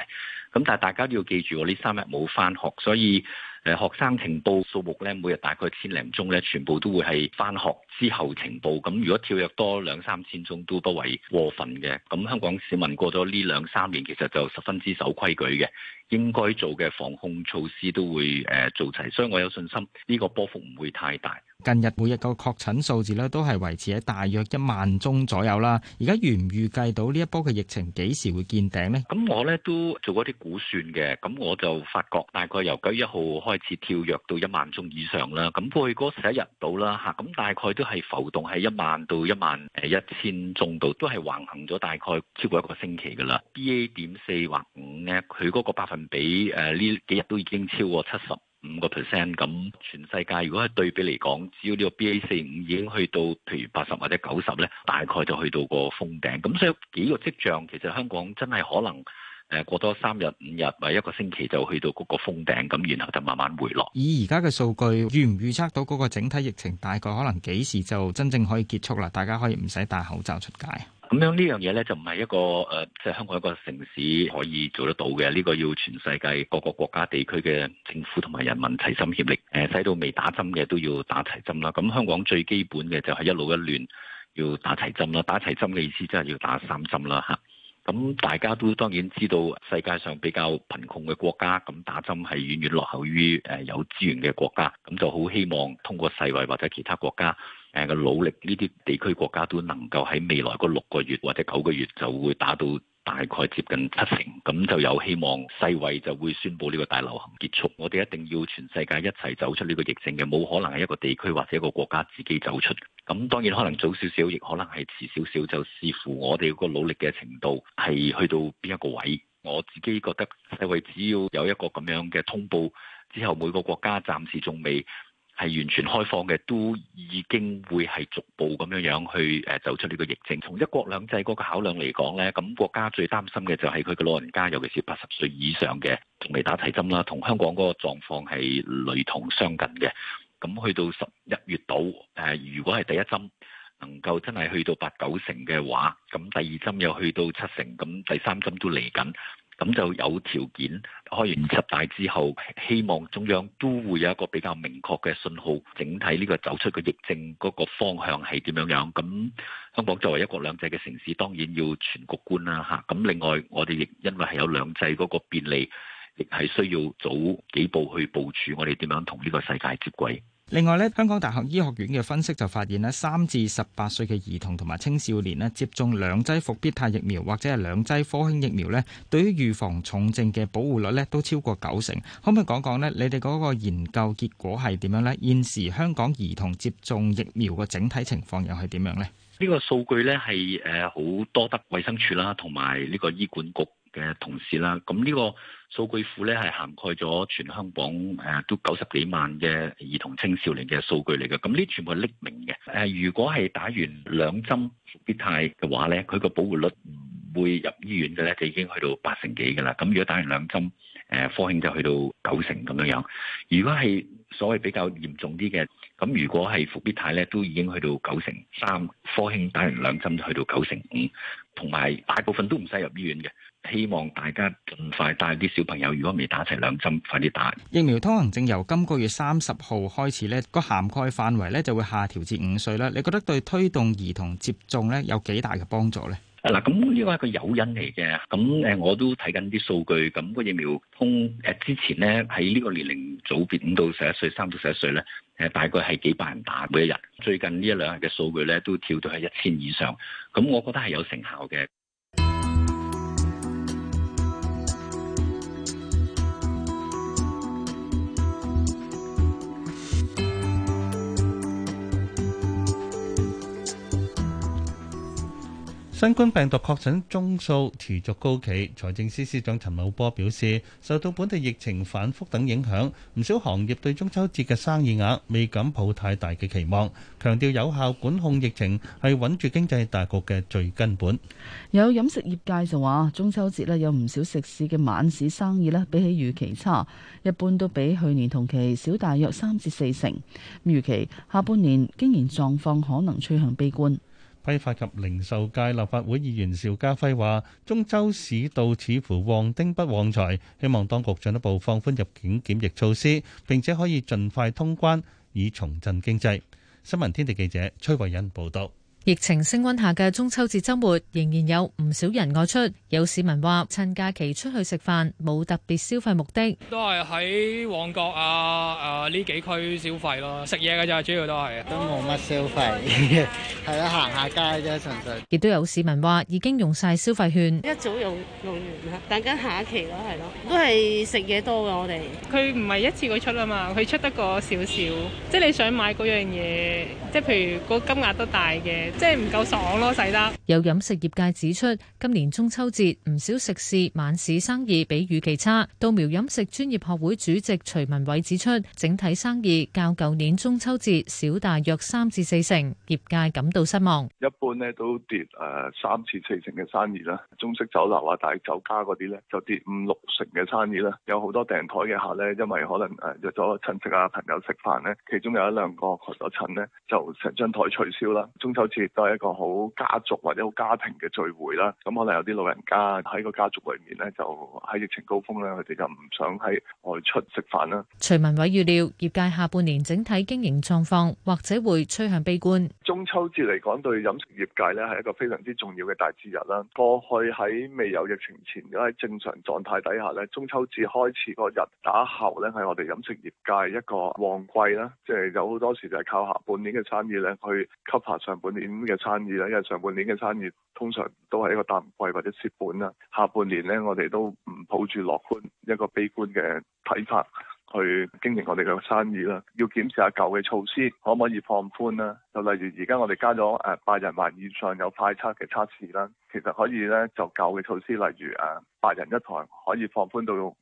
咁但係大家都要記住，我呢三日冇返學，所以誒學生呈報數目咧，每日大概一千零宗咧，全部都會係返學之後呈報。咁如果跳躍多兩三千宗都不為過分嘅。咁香港市民過咗呢兩三年，其實就十分之守規矩嘅。應該做嘅防控措施都會誒做齊，所以我有信心呢個波幅唔會太大。近日每日個確診數字咧都係維持喺大約一萬宗左右啦。而家預唔預計到呢一波嘅疫情幾時會見頂呢？咁我咧都做過一啲估算嘅，咁我就發覺大概由九月一號開始跳躍到一萬宗以上啦。咁過去嗰十一日到啦嚇，咁大概都係浮動喺一萬到一萬誒一千宗度，都係橫行咗大概超過一個星期㗎啦。B A 點四或五咧，佢嗰個百分。比誒呢幾日都已經超過七十五個 percent 咁，全世界如果係對比嚟講，只要呢個 BA 四五已經去到譬如八十或者九十咧，大概就去到個封頂。咁所以幾個跡象，其實香港真係可能誒過多三日五日或一個星期就去到嗰個封頂，咁然後就慢慢回落。以而家嘅數據預唔預測到嗰個整體疫情大概可能幾時就真正可以結束啦？大家可以唔使戴口罩出街。咁樣呢樣嘢呢，就唔係一個誒，即係香港一個城市可以做得到嘅。呢個要全世界各個國家地區嘅政府同埋人民齊心協力，誒、呃，使到未打針嘅都要打齊針啦。咁、嗯、香港最基本嘅就係一老一嫩要打齊針啦。打齊針嘅意思即係要打三針啦，嚇、嗯。咁大家都當然知道，世界上比較貧窮嘅國家，咁、嗯、打針係遠遠落後於誒有資源嘅國家。咁、嗯、就好希望通過世衛或者其他國家。誒個努力，呢啲地區國家都能夠喺未來個六個月或者九個月就會打到大概接近七成，咁就有希望世衛就會宣布呢個大流行結束。我哋一定要全世界一齊走出呢個疫情嘅，冇可能係一個地區或者一個國家自己走出。咁當然可能早少少，亦可能係遲少少，就視乎我哋個努力嘅程度係去到邊一個位。我自己覺得世衛只要有一個咁樣嘅通報之後，每個國家暫時仲未。係完全開放嘅，都已經會係逐步咁樣樣去誒走出呢個疫情。從一國兩制嗰個考量嚟講呢，咁國家最擔心嘅就係佢嘅老人家，尤其是八十歲以上嘅同嚟打第一針啦，同香港嗰個狀況係雷同相近嘅。咁去到十一月到誒，如果係第一針能夠真係去到八九成嘅話，咁第二針又去到七成，咁第三針都嚟緊。咁就有條件開完二十大之後，希望中央都會有一個比較明確嘅信號，整體呢個走出個疫症嗰個方向係點樣樣？咁香港作為一國兩制嘅城市，當然要全局觀啦嚇。咁另外，我哋亦因為係有兩制嗰個便利，亦係需要早幾步去部署，我哋點樣同呢個世界接軌？另外咧，香港大學醫學院嘅分析就發現咧，三至十八歲嘅兒童同埋青少年咧，接種兩劑復必泰疫苗或者係兩劑科興疫苗咧，對於預防重症嘅保護率咧，都超過九成。可唔可以講講咧？你哋嗰個研究結果係點樣呢？現時香港兒童接種疫苗嘅整體情況又係點樣呢？呢個數據咧係誒好多得衞生署啦，同埋呢個醫管局。嘅同事啦，咁呢個數據庫咧係涵蓋咗全香港誒、啊、都九十幾萬嘅兒童青少年嘅數據嚟嘅，咁呢全部係匿名嘅。誒、啊，如果係打完兩針復必泰嘅話咧，佢個保護率唔會入醫院嘅咧，就已經去到八成幾嘅啦。咁如果打完兩針誒、啊、科興就去到九成咁樣樣。如果係所謂比較嚴重啲嘅，咁如果係復必泰咧都已經去到九成三，科興打完兩針就去到九成五，同埋大部分都唔使入醫院嘅。希望大家盡快帶啲小朋友，如果未打齊兩針，快啲打。疫苗通行證由今個月三十號開始咧，個涵蓋範圍咧就會下調至五歲啦。你覺得對推動兒童接種咧有幾大嘅幫助咧？嗱、嗯，咁呢個係一個誘因嚟嘅。咁誒，我都睇緊啲數據。咁個疫苗通誒之前咧喺呢個年齡組別五到十一歲、三到十一歲咧，誒大概係幾百人打每一日。最近呢一兩日嘅數據咧都跳到係一千以上，咁我覺得係有成效嘅。新冠病毒確診宗數持續高企，財政司司長陳茂波表示，受到本地疫情反覆等影響，唔少行業對中秋節嘅生意額未敢抱太大嘅期望，強調有效管控疫情係穩住經濟大局嘅最根本。有飲食業界就話，中秋節呢有唔少食肆嘅晚市生意呢，比起預期差，一般都比去年同期少大約三至四成。預期下半年經營狀況可能趨向悲觀。批發及零售界立法會議員邵家輝話，中州市道似乎旺丁不旺財，希望當局進一步放寬入境檢疫措施，並且可以盡快通關，以重振經濟。新聞天地記者崔慧欣報道。疫情升溫下嘅中秋節周末，仍然有唔少人外出。有市民話趁假期出去食飯，冇特別消費目的，都係喺旺角啊、誒呢幾區消費咯，食嘢嘅咋，主要都係都冇乜消費，係咯，行下街啫純粹。亦都有市民話已經用晒消費券，一早用用完啦，等緊下一期咯係咯，都係食嘢多嘅我哋。佢唔係一次過出啊嘛，佢出得過少少，即係你想買嗰樣嘢，即係譬如個金額都大嘅。即係唔夠爽咯，使得有飲食業界指出，今年中秋節唔少食肆晚市生意比預期差。稻苗飲食專業學會主席徐文偉指出，整體生意較舊年中秋節少大約三至四成，業界感到失望。一般咧都跌誒三至四成嘅生意啦，中式酒樓啊、大酒家嗰啲咧就跌五六成嘅生意啦。有好多訂台嘅客咧，因為可能誒約咗親戚啊、朋友食飯咧，其中有一兩個攰咗親咧，就成張台取消啦。中秋節亦都係一個好家族或者好家庭嘅聚會啦。咁可能有啲老人家喺個家族裏面呢，就喺疫情高峰咧，佢哋就唔想喺外出食飯啦。徐文偉預料，業界下半年整體經營狀況或者會趨向悲觀。中秋節嚟講，對飲食業界呢係一個非常之重要嘅大節日啦。過去喺未有疫情前，如果喺正常狀態底下呢，中秋節開始個日打後呢，係我哋飲食業界一個旺季啦。即係有好多時就係靠下半年嘅生意咧去吸下上半年。咁嘅生意咧，因為上半年嘅生意通常都係一個淡季或者蝕本啦。下半年咧，我哋都唔抱住樂觀一個悲觀嘅睇法去經營我哋嘅生意啦。要檢視下舊嘅措施可唔可以放寬啦？就例如而家我哋加咗誒八人或以上有快測嘅測試啦，其實可以咧就舊嘅措施，例如誒八人一台可以放寬到誒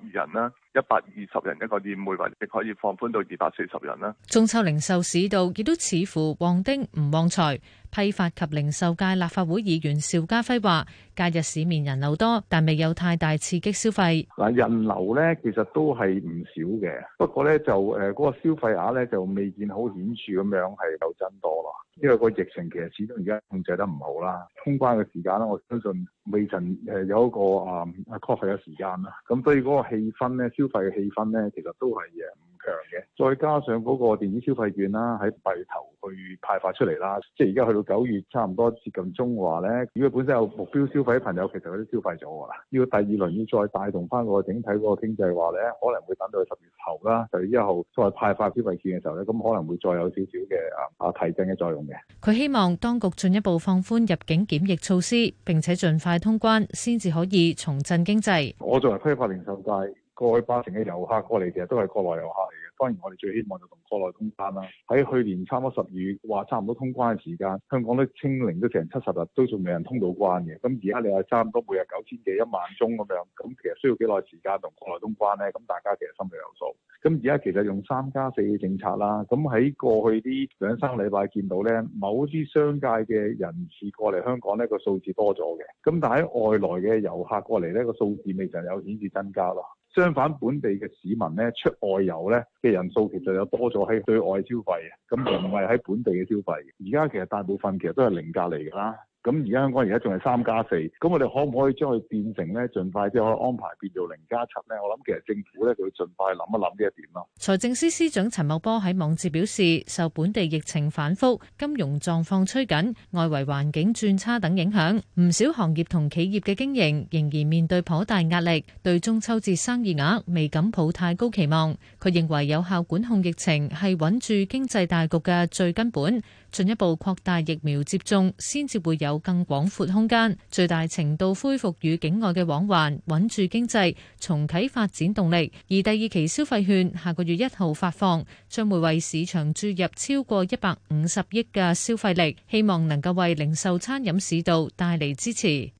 十二人啦。一百二十人一個宴會，或亦可以放寬到二百四十人啦。中秋零售市道亦都似乎旺丁唔旺財。批發及零售界立法會議員邵家輝話，假日市面人流多，但未有太大刺激消費。嗱，人流咧其實都係唔少嘅，不過咧就誒、嗰個消費額咧就未見好顯著咁樣係有增多咯。因為個疫情其實始終而家控制得唔好啦。通關嘅時間啦，我相信未曾誒有一個啊啊確實嘅時間啦。咁所以嗰個氣氛咧消。消費嘅氣氛咧，其實都係誒唔強嘅。再加上嗰個電子消費券啦，喺第頭去派發出嚟啦，即係而家去到九月差唔多接近中華咧。如果本身有目標消費朋友，其實佢都消費咗㗎啦。要第二輪要再帶動翻個整體嗰個經濟話咧，可能會等到十月後啦，十月一號再派發消費券嘅時候咧，咁可能會再有少少嘅啊啊提振嘅作用嘅。佢希望當局進一步放寬入境檢疫措施，並且盡快通關，先至可以重振經濟。我作為批發零售界。 [MUSIC] 過去八成嘅遊客過嚟，其實都係國內遊客嚟嘅。當然，我哋最希望就同國內通關啦。喺去年差唔多十二月，話差唔多通關嘅時間，香港都清零都成七十日，都仲未人通到關嘅。咁而家你話差唔多每日九千幾、一萬宗咁樣，咁其實需要幾耐時間同國內通關咧？咁大家其實心裏有數。咁而家其實用三加四嘅政策啦，咁喺過去啲兩三個禮拜見到咧，某啲商界嘅人士過嚟香港呢個數字多咗嘅。咁但係喺外來嘅遊客過嚟呢個數字未就有顯示增加咯。相反，本地嘅市民呢，出外遊呢嘅人數，其實有多咗，喺對外的消費嘅，咁唔係喺本地嘅消費嘅。而家其實大部分其實都係零隔離㗎。咁而家香港而家仲係三加四，咁我哋可唔可以將佢變成咧，盡快即係可以安排變做零加七咧？我諗其實政府咧，佢會盡快諗一諗呢一點咯。財政司司長陳茂波喺網誌表示，受本地疫情反覆、金融狀況趨緊、外圍環境轉差等影響，唔少行業同企業嘅經營仍然面對頗大壓力，對中秋節生意額未敢抱太高期望。佢認為有效管控疫情係穩住經濟大局嘅最根本。進一步擴大疫苗接種，先至會有更廣闊空間，最大程度恢復與境外嘅往還，穩住經濟，重啟發展動力。而第二期消費券下個月一號發放，將會為市場注入超過一百五十億嘅消費力，希望能夠為零售、餐飲市道帶嚟支持。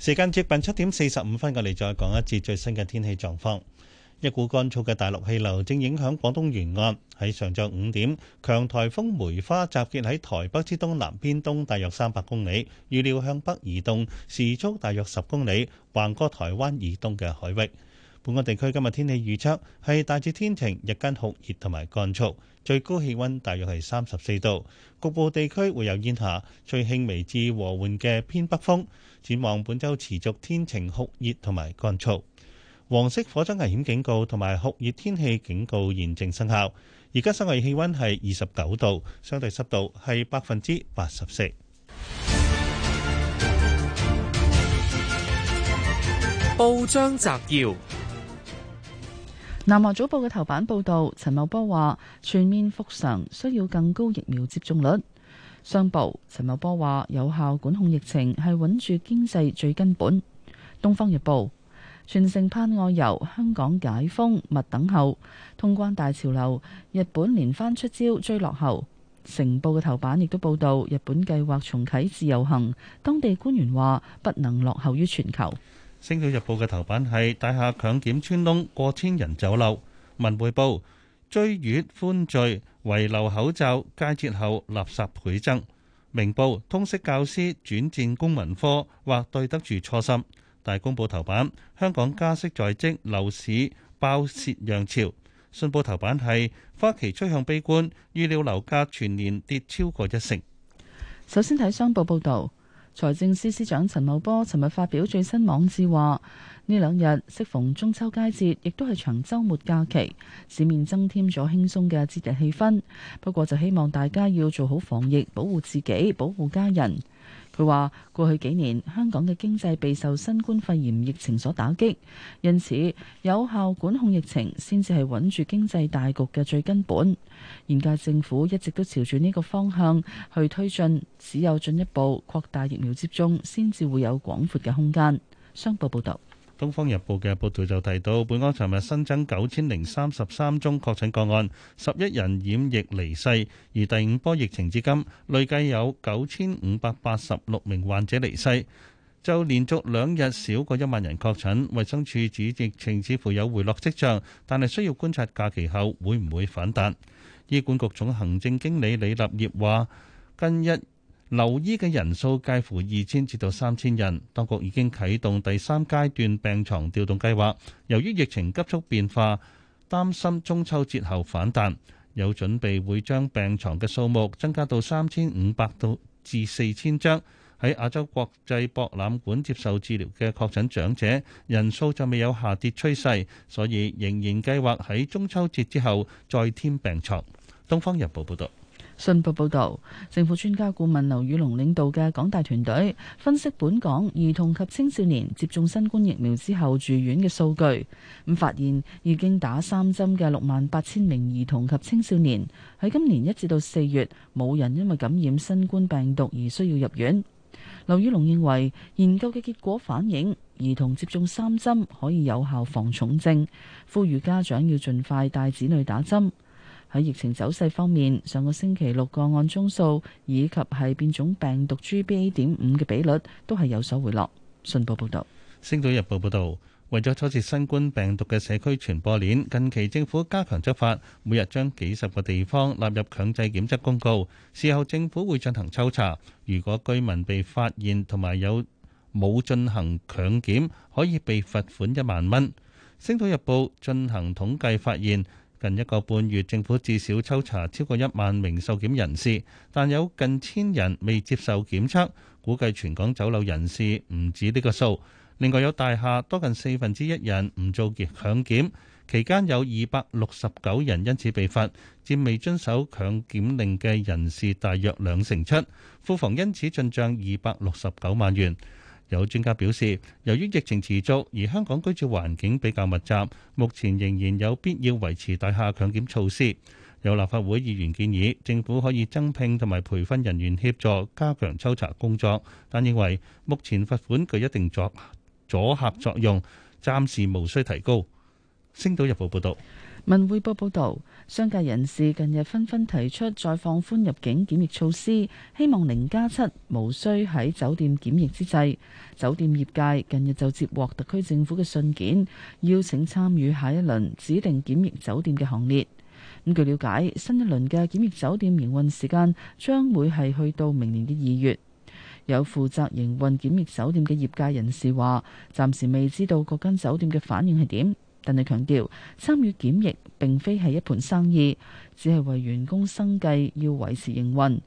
時間接近七點四十五分，我哋再講一節最新嘅天氣狀況。一股乾燥嘅大陸氣流正影響廣東沿岸。喺上晝五點，強颱風梅花集結喺台北之東南偏東，大約三百公里，預料向北移動，時速大約十公里，橫過台灣以東嘅海域。本港地區今日天氣預測係大致天晴，日間酷熱同埋乾燥，最高氣温大約係三十四度，局部地區會有煙霞，最輕微至和緩嘅偏北風。展望本週持續天晴酷熱同埋乾燥，黃色火災危險警告同埋酷熱天氣警告現正生效。而家室外氣温係二十九度，相對濕度係百分之八十四。報章摘要。南華早報嘅頭版報道，陳茂波話全面復常需要更高疫苗接種率。商報陳茂波話，有效管控疫情係穩住經濟最根本。東方日報全城盼外遊，香港解封勿等候。通關大潮流，日本連番出招追落後。成報嘅頭版亦都報道，日本計劃重啟自由行，當地官員話不能落後於全球。《星島日報》嘅頭版係大廈強檢穿窿，過千人走漏；《文匯報》追月歡聚，遺留口罩；《佳節後垃圾倍增》；《明報》通識教師轉戰公民科，或對得住初心；《大公報》頭版：香港加息在即，樓市爆蝕讓潮；《信報》頭版係花旗趨向悲觀，預料樓價全年跌超過一成。首先睇商報報導。財政司司長陳茂波尋日發表最新網誌話：呢兩日適逢中秋佳節，亦都係長周末假期，市面增添咗輕鬆嘅節日氣氛。不過就希望大家要做好防疫，保護自己，保護家人。佢話：過去幾年，香港嘅經濟備受新冠肺炎疫情所打擊，因此有效管控疫情先至係穩住經濟大局嘅最根本。現屆政府一直都朝住呢個方向去推進，只有進一步擴大疫苗接種，先至會有廣闊嘅空間。商報報道。《東方日報》嘅報道就提到，本港尋日新增九千零三十三宗確診個案，十一人染疫離世，而第五波疫情至今累計有九千五百八十六名患者離世。就連續兩日少過一萬人確診，衛生署指疫情似乎有回落跡象，但係需要觀察假期後會唔會反彈。醫管局總行政經理李立業話，近日留醫嘅人數介乎二千至到三千人，當局已經啟動第三階段病床調動計劃。由於疫情急速變化，擔心中秋節後反彈，有準備會將病床嘅數目增加到三千五百到至四千張。喺亞洲國際博覽館接受治療嘅確診長者人數就未有下跌趨勢，所以仍然計劃喺中秋節之後再添病床。《東方日報》報道。信報報導，政府專家顧問劉宇龍領導嘅港大團隊分析本港兒童及青少年接種新冠疫苗之後住院嘅數據，咁發現已經打三針嘅六萬八千名兒童及青少年喺今年一至到四月冇人因為感染新冠病毒而需要入院。劉宇龍認為，研究嘅結果反映兒童接種三針可以有效防重症，呼籲家長要盡快帶子女打針。喺疫情走勢方面，上個星期六個案宗數以及係變種病毒 GBA. 點五嘅比率都係有所回落。信報報道，《星島日報》報道，為咗阻截新冠病毒嘅社區傳播鏈，近期政府加強執法，每日將幾十個地方納入強制檢測公告，事後政府會進行抽查。如果居民被發現同埋有冇進行強檢，可以被罰款一萬蚊。《星島日報》進行統計發現，近一個半月，政府至少抽查超過一萬名受檢人士，但有近千人未接受檢測，估計全港走漏人士唔止呢個數。另外有大廈多近四分之一人唔做強檢，期間有二百六十九人因此被罰，佔未遵守強檢令嘅人士大約兩成七，庫房因此進帳二百六十九萬元。有專家表示，由於疫情持續，而香港居住環境比較密集，目前仍然有必要維持大廈強檢措施。有立法會議員建議，政府可以增聘同埋培訓人員協助加強抽查工作，但認為目前罰款具一定阻嚇作用，暫時無需提高。星島日報報道。文匯報報導。商界人士近日紛紛提出再放寬入境檢疫措施，希望零加七無需喺酒店檢疫之際，酒店業界近日就接獲特區政府嘅信件，邀請參與下一輪指定檢疫酒店嘅行列。咁據了解，新一輪嘅檢疫酒店營運時間將會係去到明年嘅二月。有負責營運檢疫酒店嘅業界人士話暫時未知道各間酒店嘅反應係點。但係強調，參與檢疫並非係一盤生意，只係為員工生計要維持營運。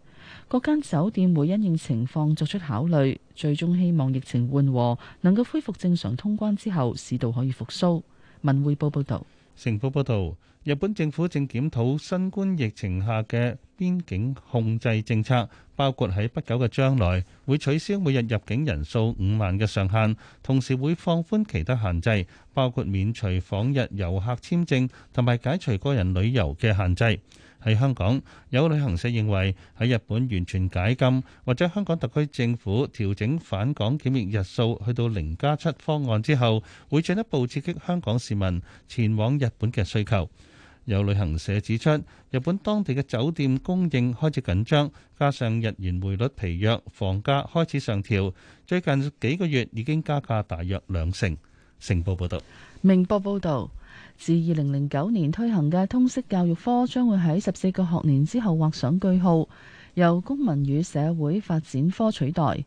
各間酒店會因應情況作出考慮，最終希望疫情緩和，能夠恢復正常通關之後，市道可以復甦。文匯報報道：成報報道，日本政府正檢討新冠疫情下嘅邊境控制政策。包括喺不久嘅將來會取消每日入境人數五萬嘅上限，同時會放寬其他限制，包括免除訪日遊客簽證同埋解除個人旅遊嘅限制。喺香港，有旅行社認為喺日本完全解禁或者香港特區政府調整返港檢疫日數去到零加七方案之後，會進一步刺激香港市民前往日本嘅需求。有旅行社指出，日本當地嘅酒店供應開始緊張，加上日元匯率疲弱，房價開始上調。最近幾個月已經加價大約兩成。成報報導，明報報導，自二零零九年推行嘅通識教育科將會喺十四個學年之後畫上句號，由公民與社會發展科取代。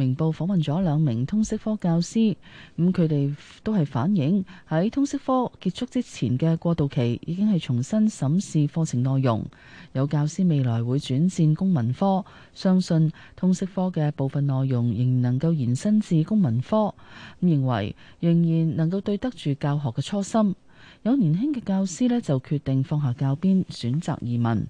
明報訪問咗兩名通識科教師，咁佢哋都係反映喺通識科結束之前嘅過渡期，已經係重新審視課程內容。有教師未來會轉戰公民科，相信通識科嘅部分內容仍然能夠延伸至公民科，咁認為仍然能夠對得住教學嘅初心。有年輕嘅教師呢，就決定放下教鞭，選擇移民。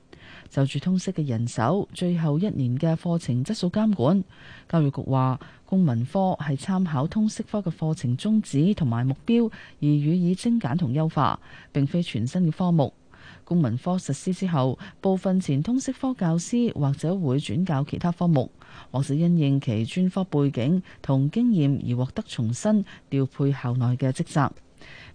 就住通識嘅人手，最後一年嘅課程質素監管，教育局話公民科係參考通識科嘅課程宗旨同埋目標而予以精簡同優化，並非全新嘅科目。公民科實施之後，部分前通識科教師或者會轉教其他科目，或是因應其專科背景同經驗而獲得重新調配校內嘅職責。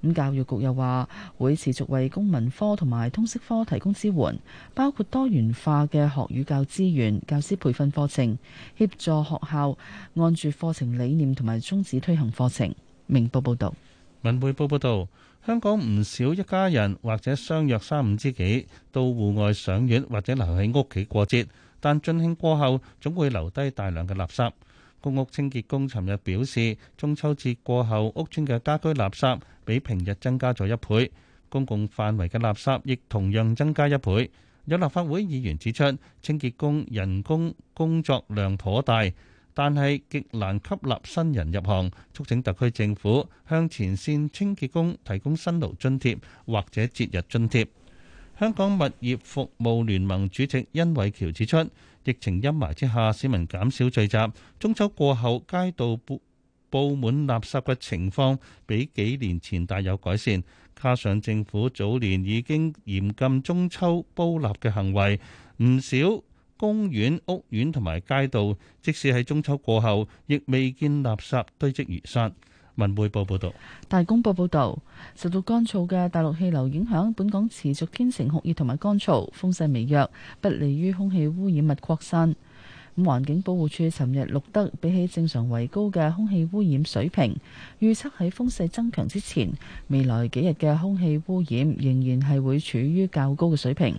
咁教育局又話會持續為公民科同埋通識科提供支援，包括多元化嘅學與教資源、教師培訓課程，協助學校按住課程理念同埋宗旨推行課程。明報報道。文匯報報導，香港唔少一家人或者相約三五知己到戶外賞月或者留喺屋企過節，但盡興過後總會留低大量嘅垃圾。公屋清潔工尋日表示，中秋節過後屋村嘅家居垃圾。比平日增加咗一倍，公共範圍嘅垃圾亦同樣增加一倍。有立法會議員指出，清潔工人工工作量頗大，但係極難吸納新人入行，促請特區政府向前線清潔工提供辛勞津貼或者節日津貼。香港物業服務聯盟主席甄偉橋指出，疫情陰霾之下，市民減少聚集，中秋過後街道不布滿垃圾嘅情況比幾年前大有改善，加上政府早年已經嚴禁中秋煲蠟嘅行為，唔少公園、屋苑同埋街道，即使喺中秋過後，亦未見垃圾堆積如山。文匯報報道：「大公報報道，受到乾燥嘅大陸氣流影響，本港持續天晴酷熱同埋乾燥，風勢微弱，不利於空氣污染物擴散。咁，環境保護署尋日錄得比起正常為高嘅空氣污染水平，預測喺風勢增強之前，未來幾日嘅空氣污染仍然係會處於較高嘅水平。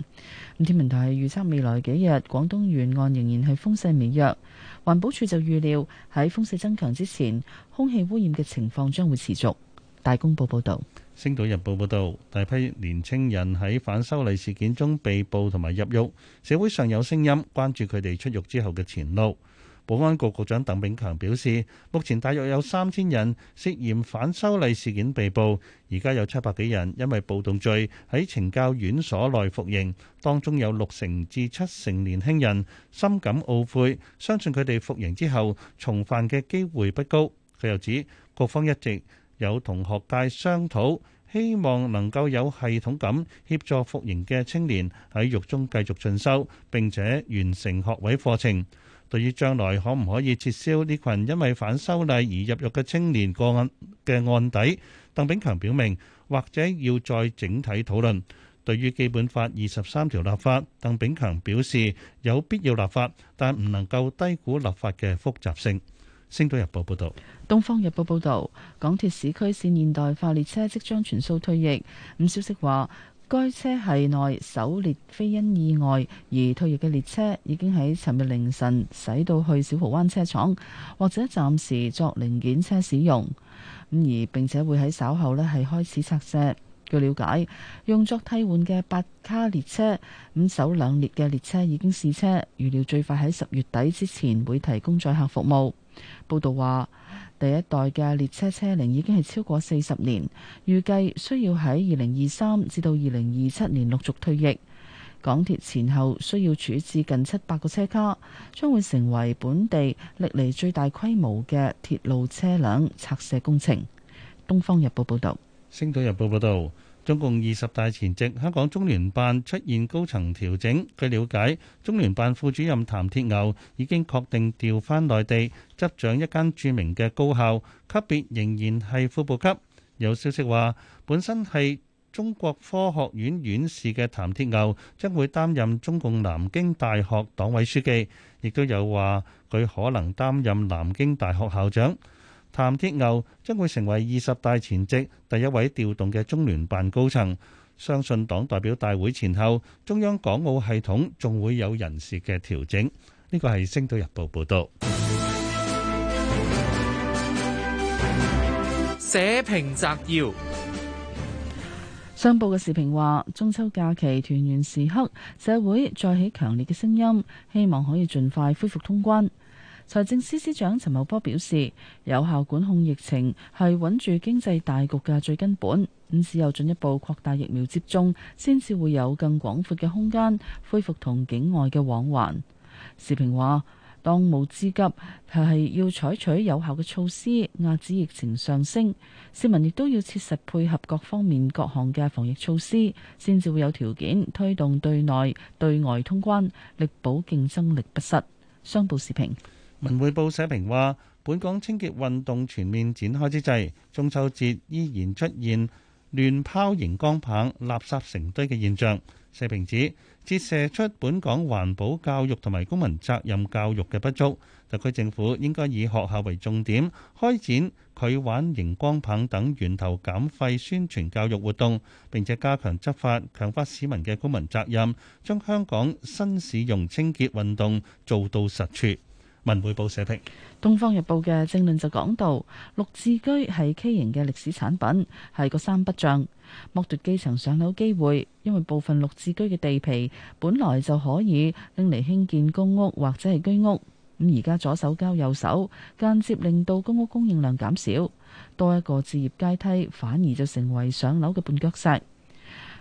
咁天文台預測未來幾日廣東沿岸仍然係風勢微弱，環保署就預料喺風勢增強之前，空氣污染嘅情況將會持續，大公報報道。《星島日報》報導，大批年青人喺反修例事件中被捕同埋入獄，社會上有聲音關注佢哋出獄之後嘅前路。保安局局長鄧炳強表示，目前大約有三千人涉嫌反修例事件被捕，而家有七百幾人因為暴動罪喺懲教院所內服刑，當中有六成至七成年輕人深感懊悔，相信佢哋服刑之後重犯嘅機會不高。佢又指，各方一直有同學界商討，希望能夠有系統咁協助服刑嘅青年喺獄中繼續進修，並且完成學位課程。對於將來可唔可以撤銷呢群因為反修例而入獄嘅青年個案嘅案底，鄧炳強表明，或者要再整體討論。對於基本法二十三條立法，鄧炳強表示有必要立法，但唔能夠低估立法嘅複雜性。《星島日報》報道，《東方日報》報道，港鐵市區綫現代化列車即將全數退役。咁消息話，該車係內首列非因意外而退役嘅列車，已經喺尋日凌晨駛到去小蚝灣車廠，或者暫時作零件車使用。咁而並且會喺稍後咧係開始拆卸。據了解，用作替換嘅八卡列車咁首兩列嘅列車已經試車，預料最快喺十月底之前會提供載客服務。報道話，第一代嘅列車車齡已經係超過四十年，預計需要喺二零二三至到二零二七年陸續退役。港鐵前後需要處置近七百個車卡，將會成為本地歷嚟最大規模嘅鐵路車輛拆卸工程。東方日報報道。星島日報報道。中共二十大前夕，香港中聯辦出現高層調整。據了解，中聯辦副主任譚鐵牛已經確定調返內地，執掌一間著名嘅高校，級別仍然係副部級。有消息話，本身係中國科學院院士嘅譚鐵牛將會擔任中共南京大學黨委書記，亦都有話佢可能擔任南京大學校長。譚鐵牛將會成為二十大前夕第一位調動嘅中聯辦高層，相信黨代表大會前後，中央港澳系統仲會有人事嘅調整。呢個係《星島日報》報道。社評摘要，商報嘅時評話，中秋假期團圓時刻，社會再起強烈嘅聲音，希望可以盡快恢復通關。財政司司長陳茂波表示，有效管控疫情係穩住經濟大局嘅最根本，咁只有進一步擴大疫苗接種，先至會有更廣闊嘅空間恢復同境外嘅往還。時評話：當務之急係要採取有效嘅措施壓止疫情上升，市民亦都要切實配合各方面各項嘅防疫措施，先至會有條件推動對內對外通關，力保競爭力不失。商報時評。文匯報社評話，本港清潔運動全面展開之際，中秋節依然出現亂拋熒光棒、垃圾成堆嘅現象。社評指，折射出本港環保教育同埋公民責任教育嘅不足。特區政府應該以學校為重點，開展拒玩熒光棒等源頭減廢宣傳教育活動，並且加強執法，強化市民嘅公民責任，將香港新市容清潔運動做到實處。文匯報社評，《東方日報》嘅政論就講到，六字居係畸形嘅歷史產品，係個三不像，剝奪基層上樓機會，因為部分六字居嘅地皮本來就可以拎嚟興建公屋或者係居屋。咁而家左手交右手，間接令到公屋供應量減少，多一個置業階梯，反而就成為上樓嘅絆腳石。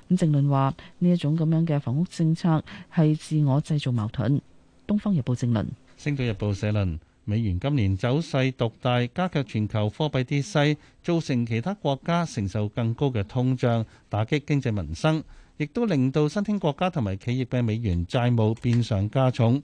咁政論話呢一種咁樣嘅房屋政策係自我製造矛盾，《東方日報政論》政論。《星島日報》社論：美元今年走勢獨大，加強全球貨幣跌勢，造成其他國家承受更高嘅通脹，打擊經濟民生，亦都令到新興國家同埋企業嘅美元債務變相加重，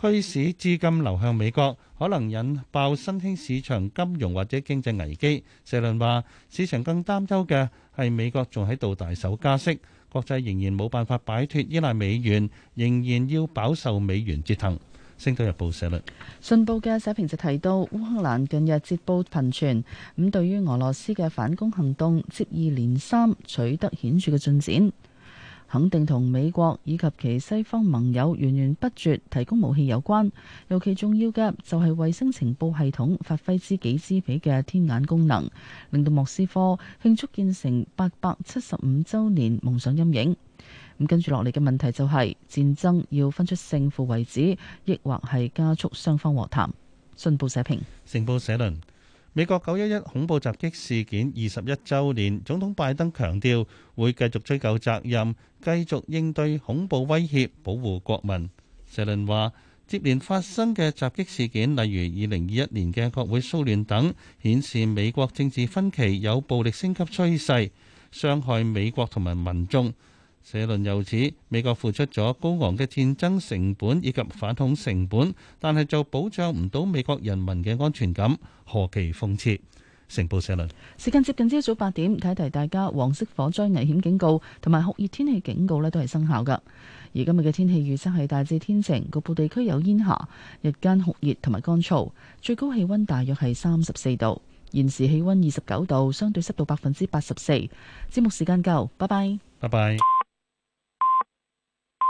驅使資金流向美國，可能引爆新興市場金融或者經濟危機。社論話：市場更擔憂嘅係美國仲喺度大手加息，國際仍然冇辦法擺脫依賴美元，仍然要飽受美元折騰。《星島日報》社咧，信報嘅社評就提到，烏克蘭近日捷報頻傳，咁對於俄羅斯嘅反攻行動接二連三取得顯著嘅進展，肯定同美國以及其西方盟友源源不絕提供武器有關。尤其重要嘅就係衛星情報系統發揮知己知彼嘅天眼功能，令到莫斯科慶祝建成八百七十五周年夢想陰影。咁跟住落嚟嘅問題就係戰爭要分出勝負為止，抑或係加速雙方和談？信報社評，成報社論：美國九一一恐怖襲擊事件二十一週年，總統拜登強調會繼續追究責任，繼續應對恐怖威脅，保護國民。社論話，接連發生嘅襲擊事件，例如二零二一年嘅國會騷亂等，顯示美國政治分歧有暴力升級趨勢，傷害美國同埋民眾。社論又指，美國付出咗高昂嘅戰爭成本以及反恐成本，但係就保障唔到美國人民嘅安全感，何其諷刺。成報社論時間接近朝早八點，提提大家黃色火災危險警告同埋酷熱天氣警告咧，都係生效噶。而今日嘅天氣預測係大致天晴，局部地區有煙霞，日間酷熱同埋乾燥，最高氣溫大約係三十四度。現時氣溫二十九度，相對濕度百分之八十四。節目時間夠，拜拜，拜拜。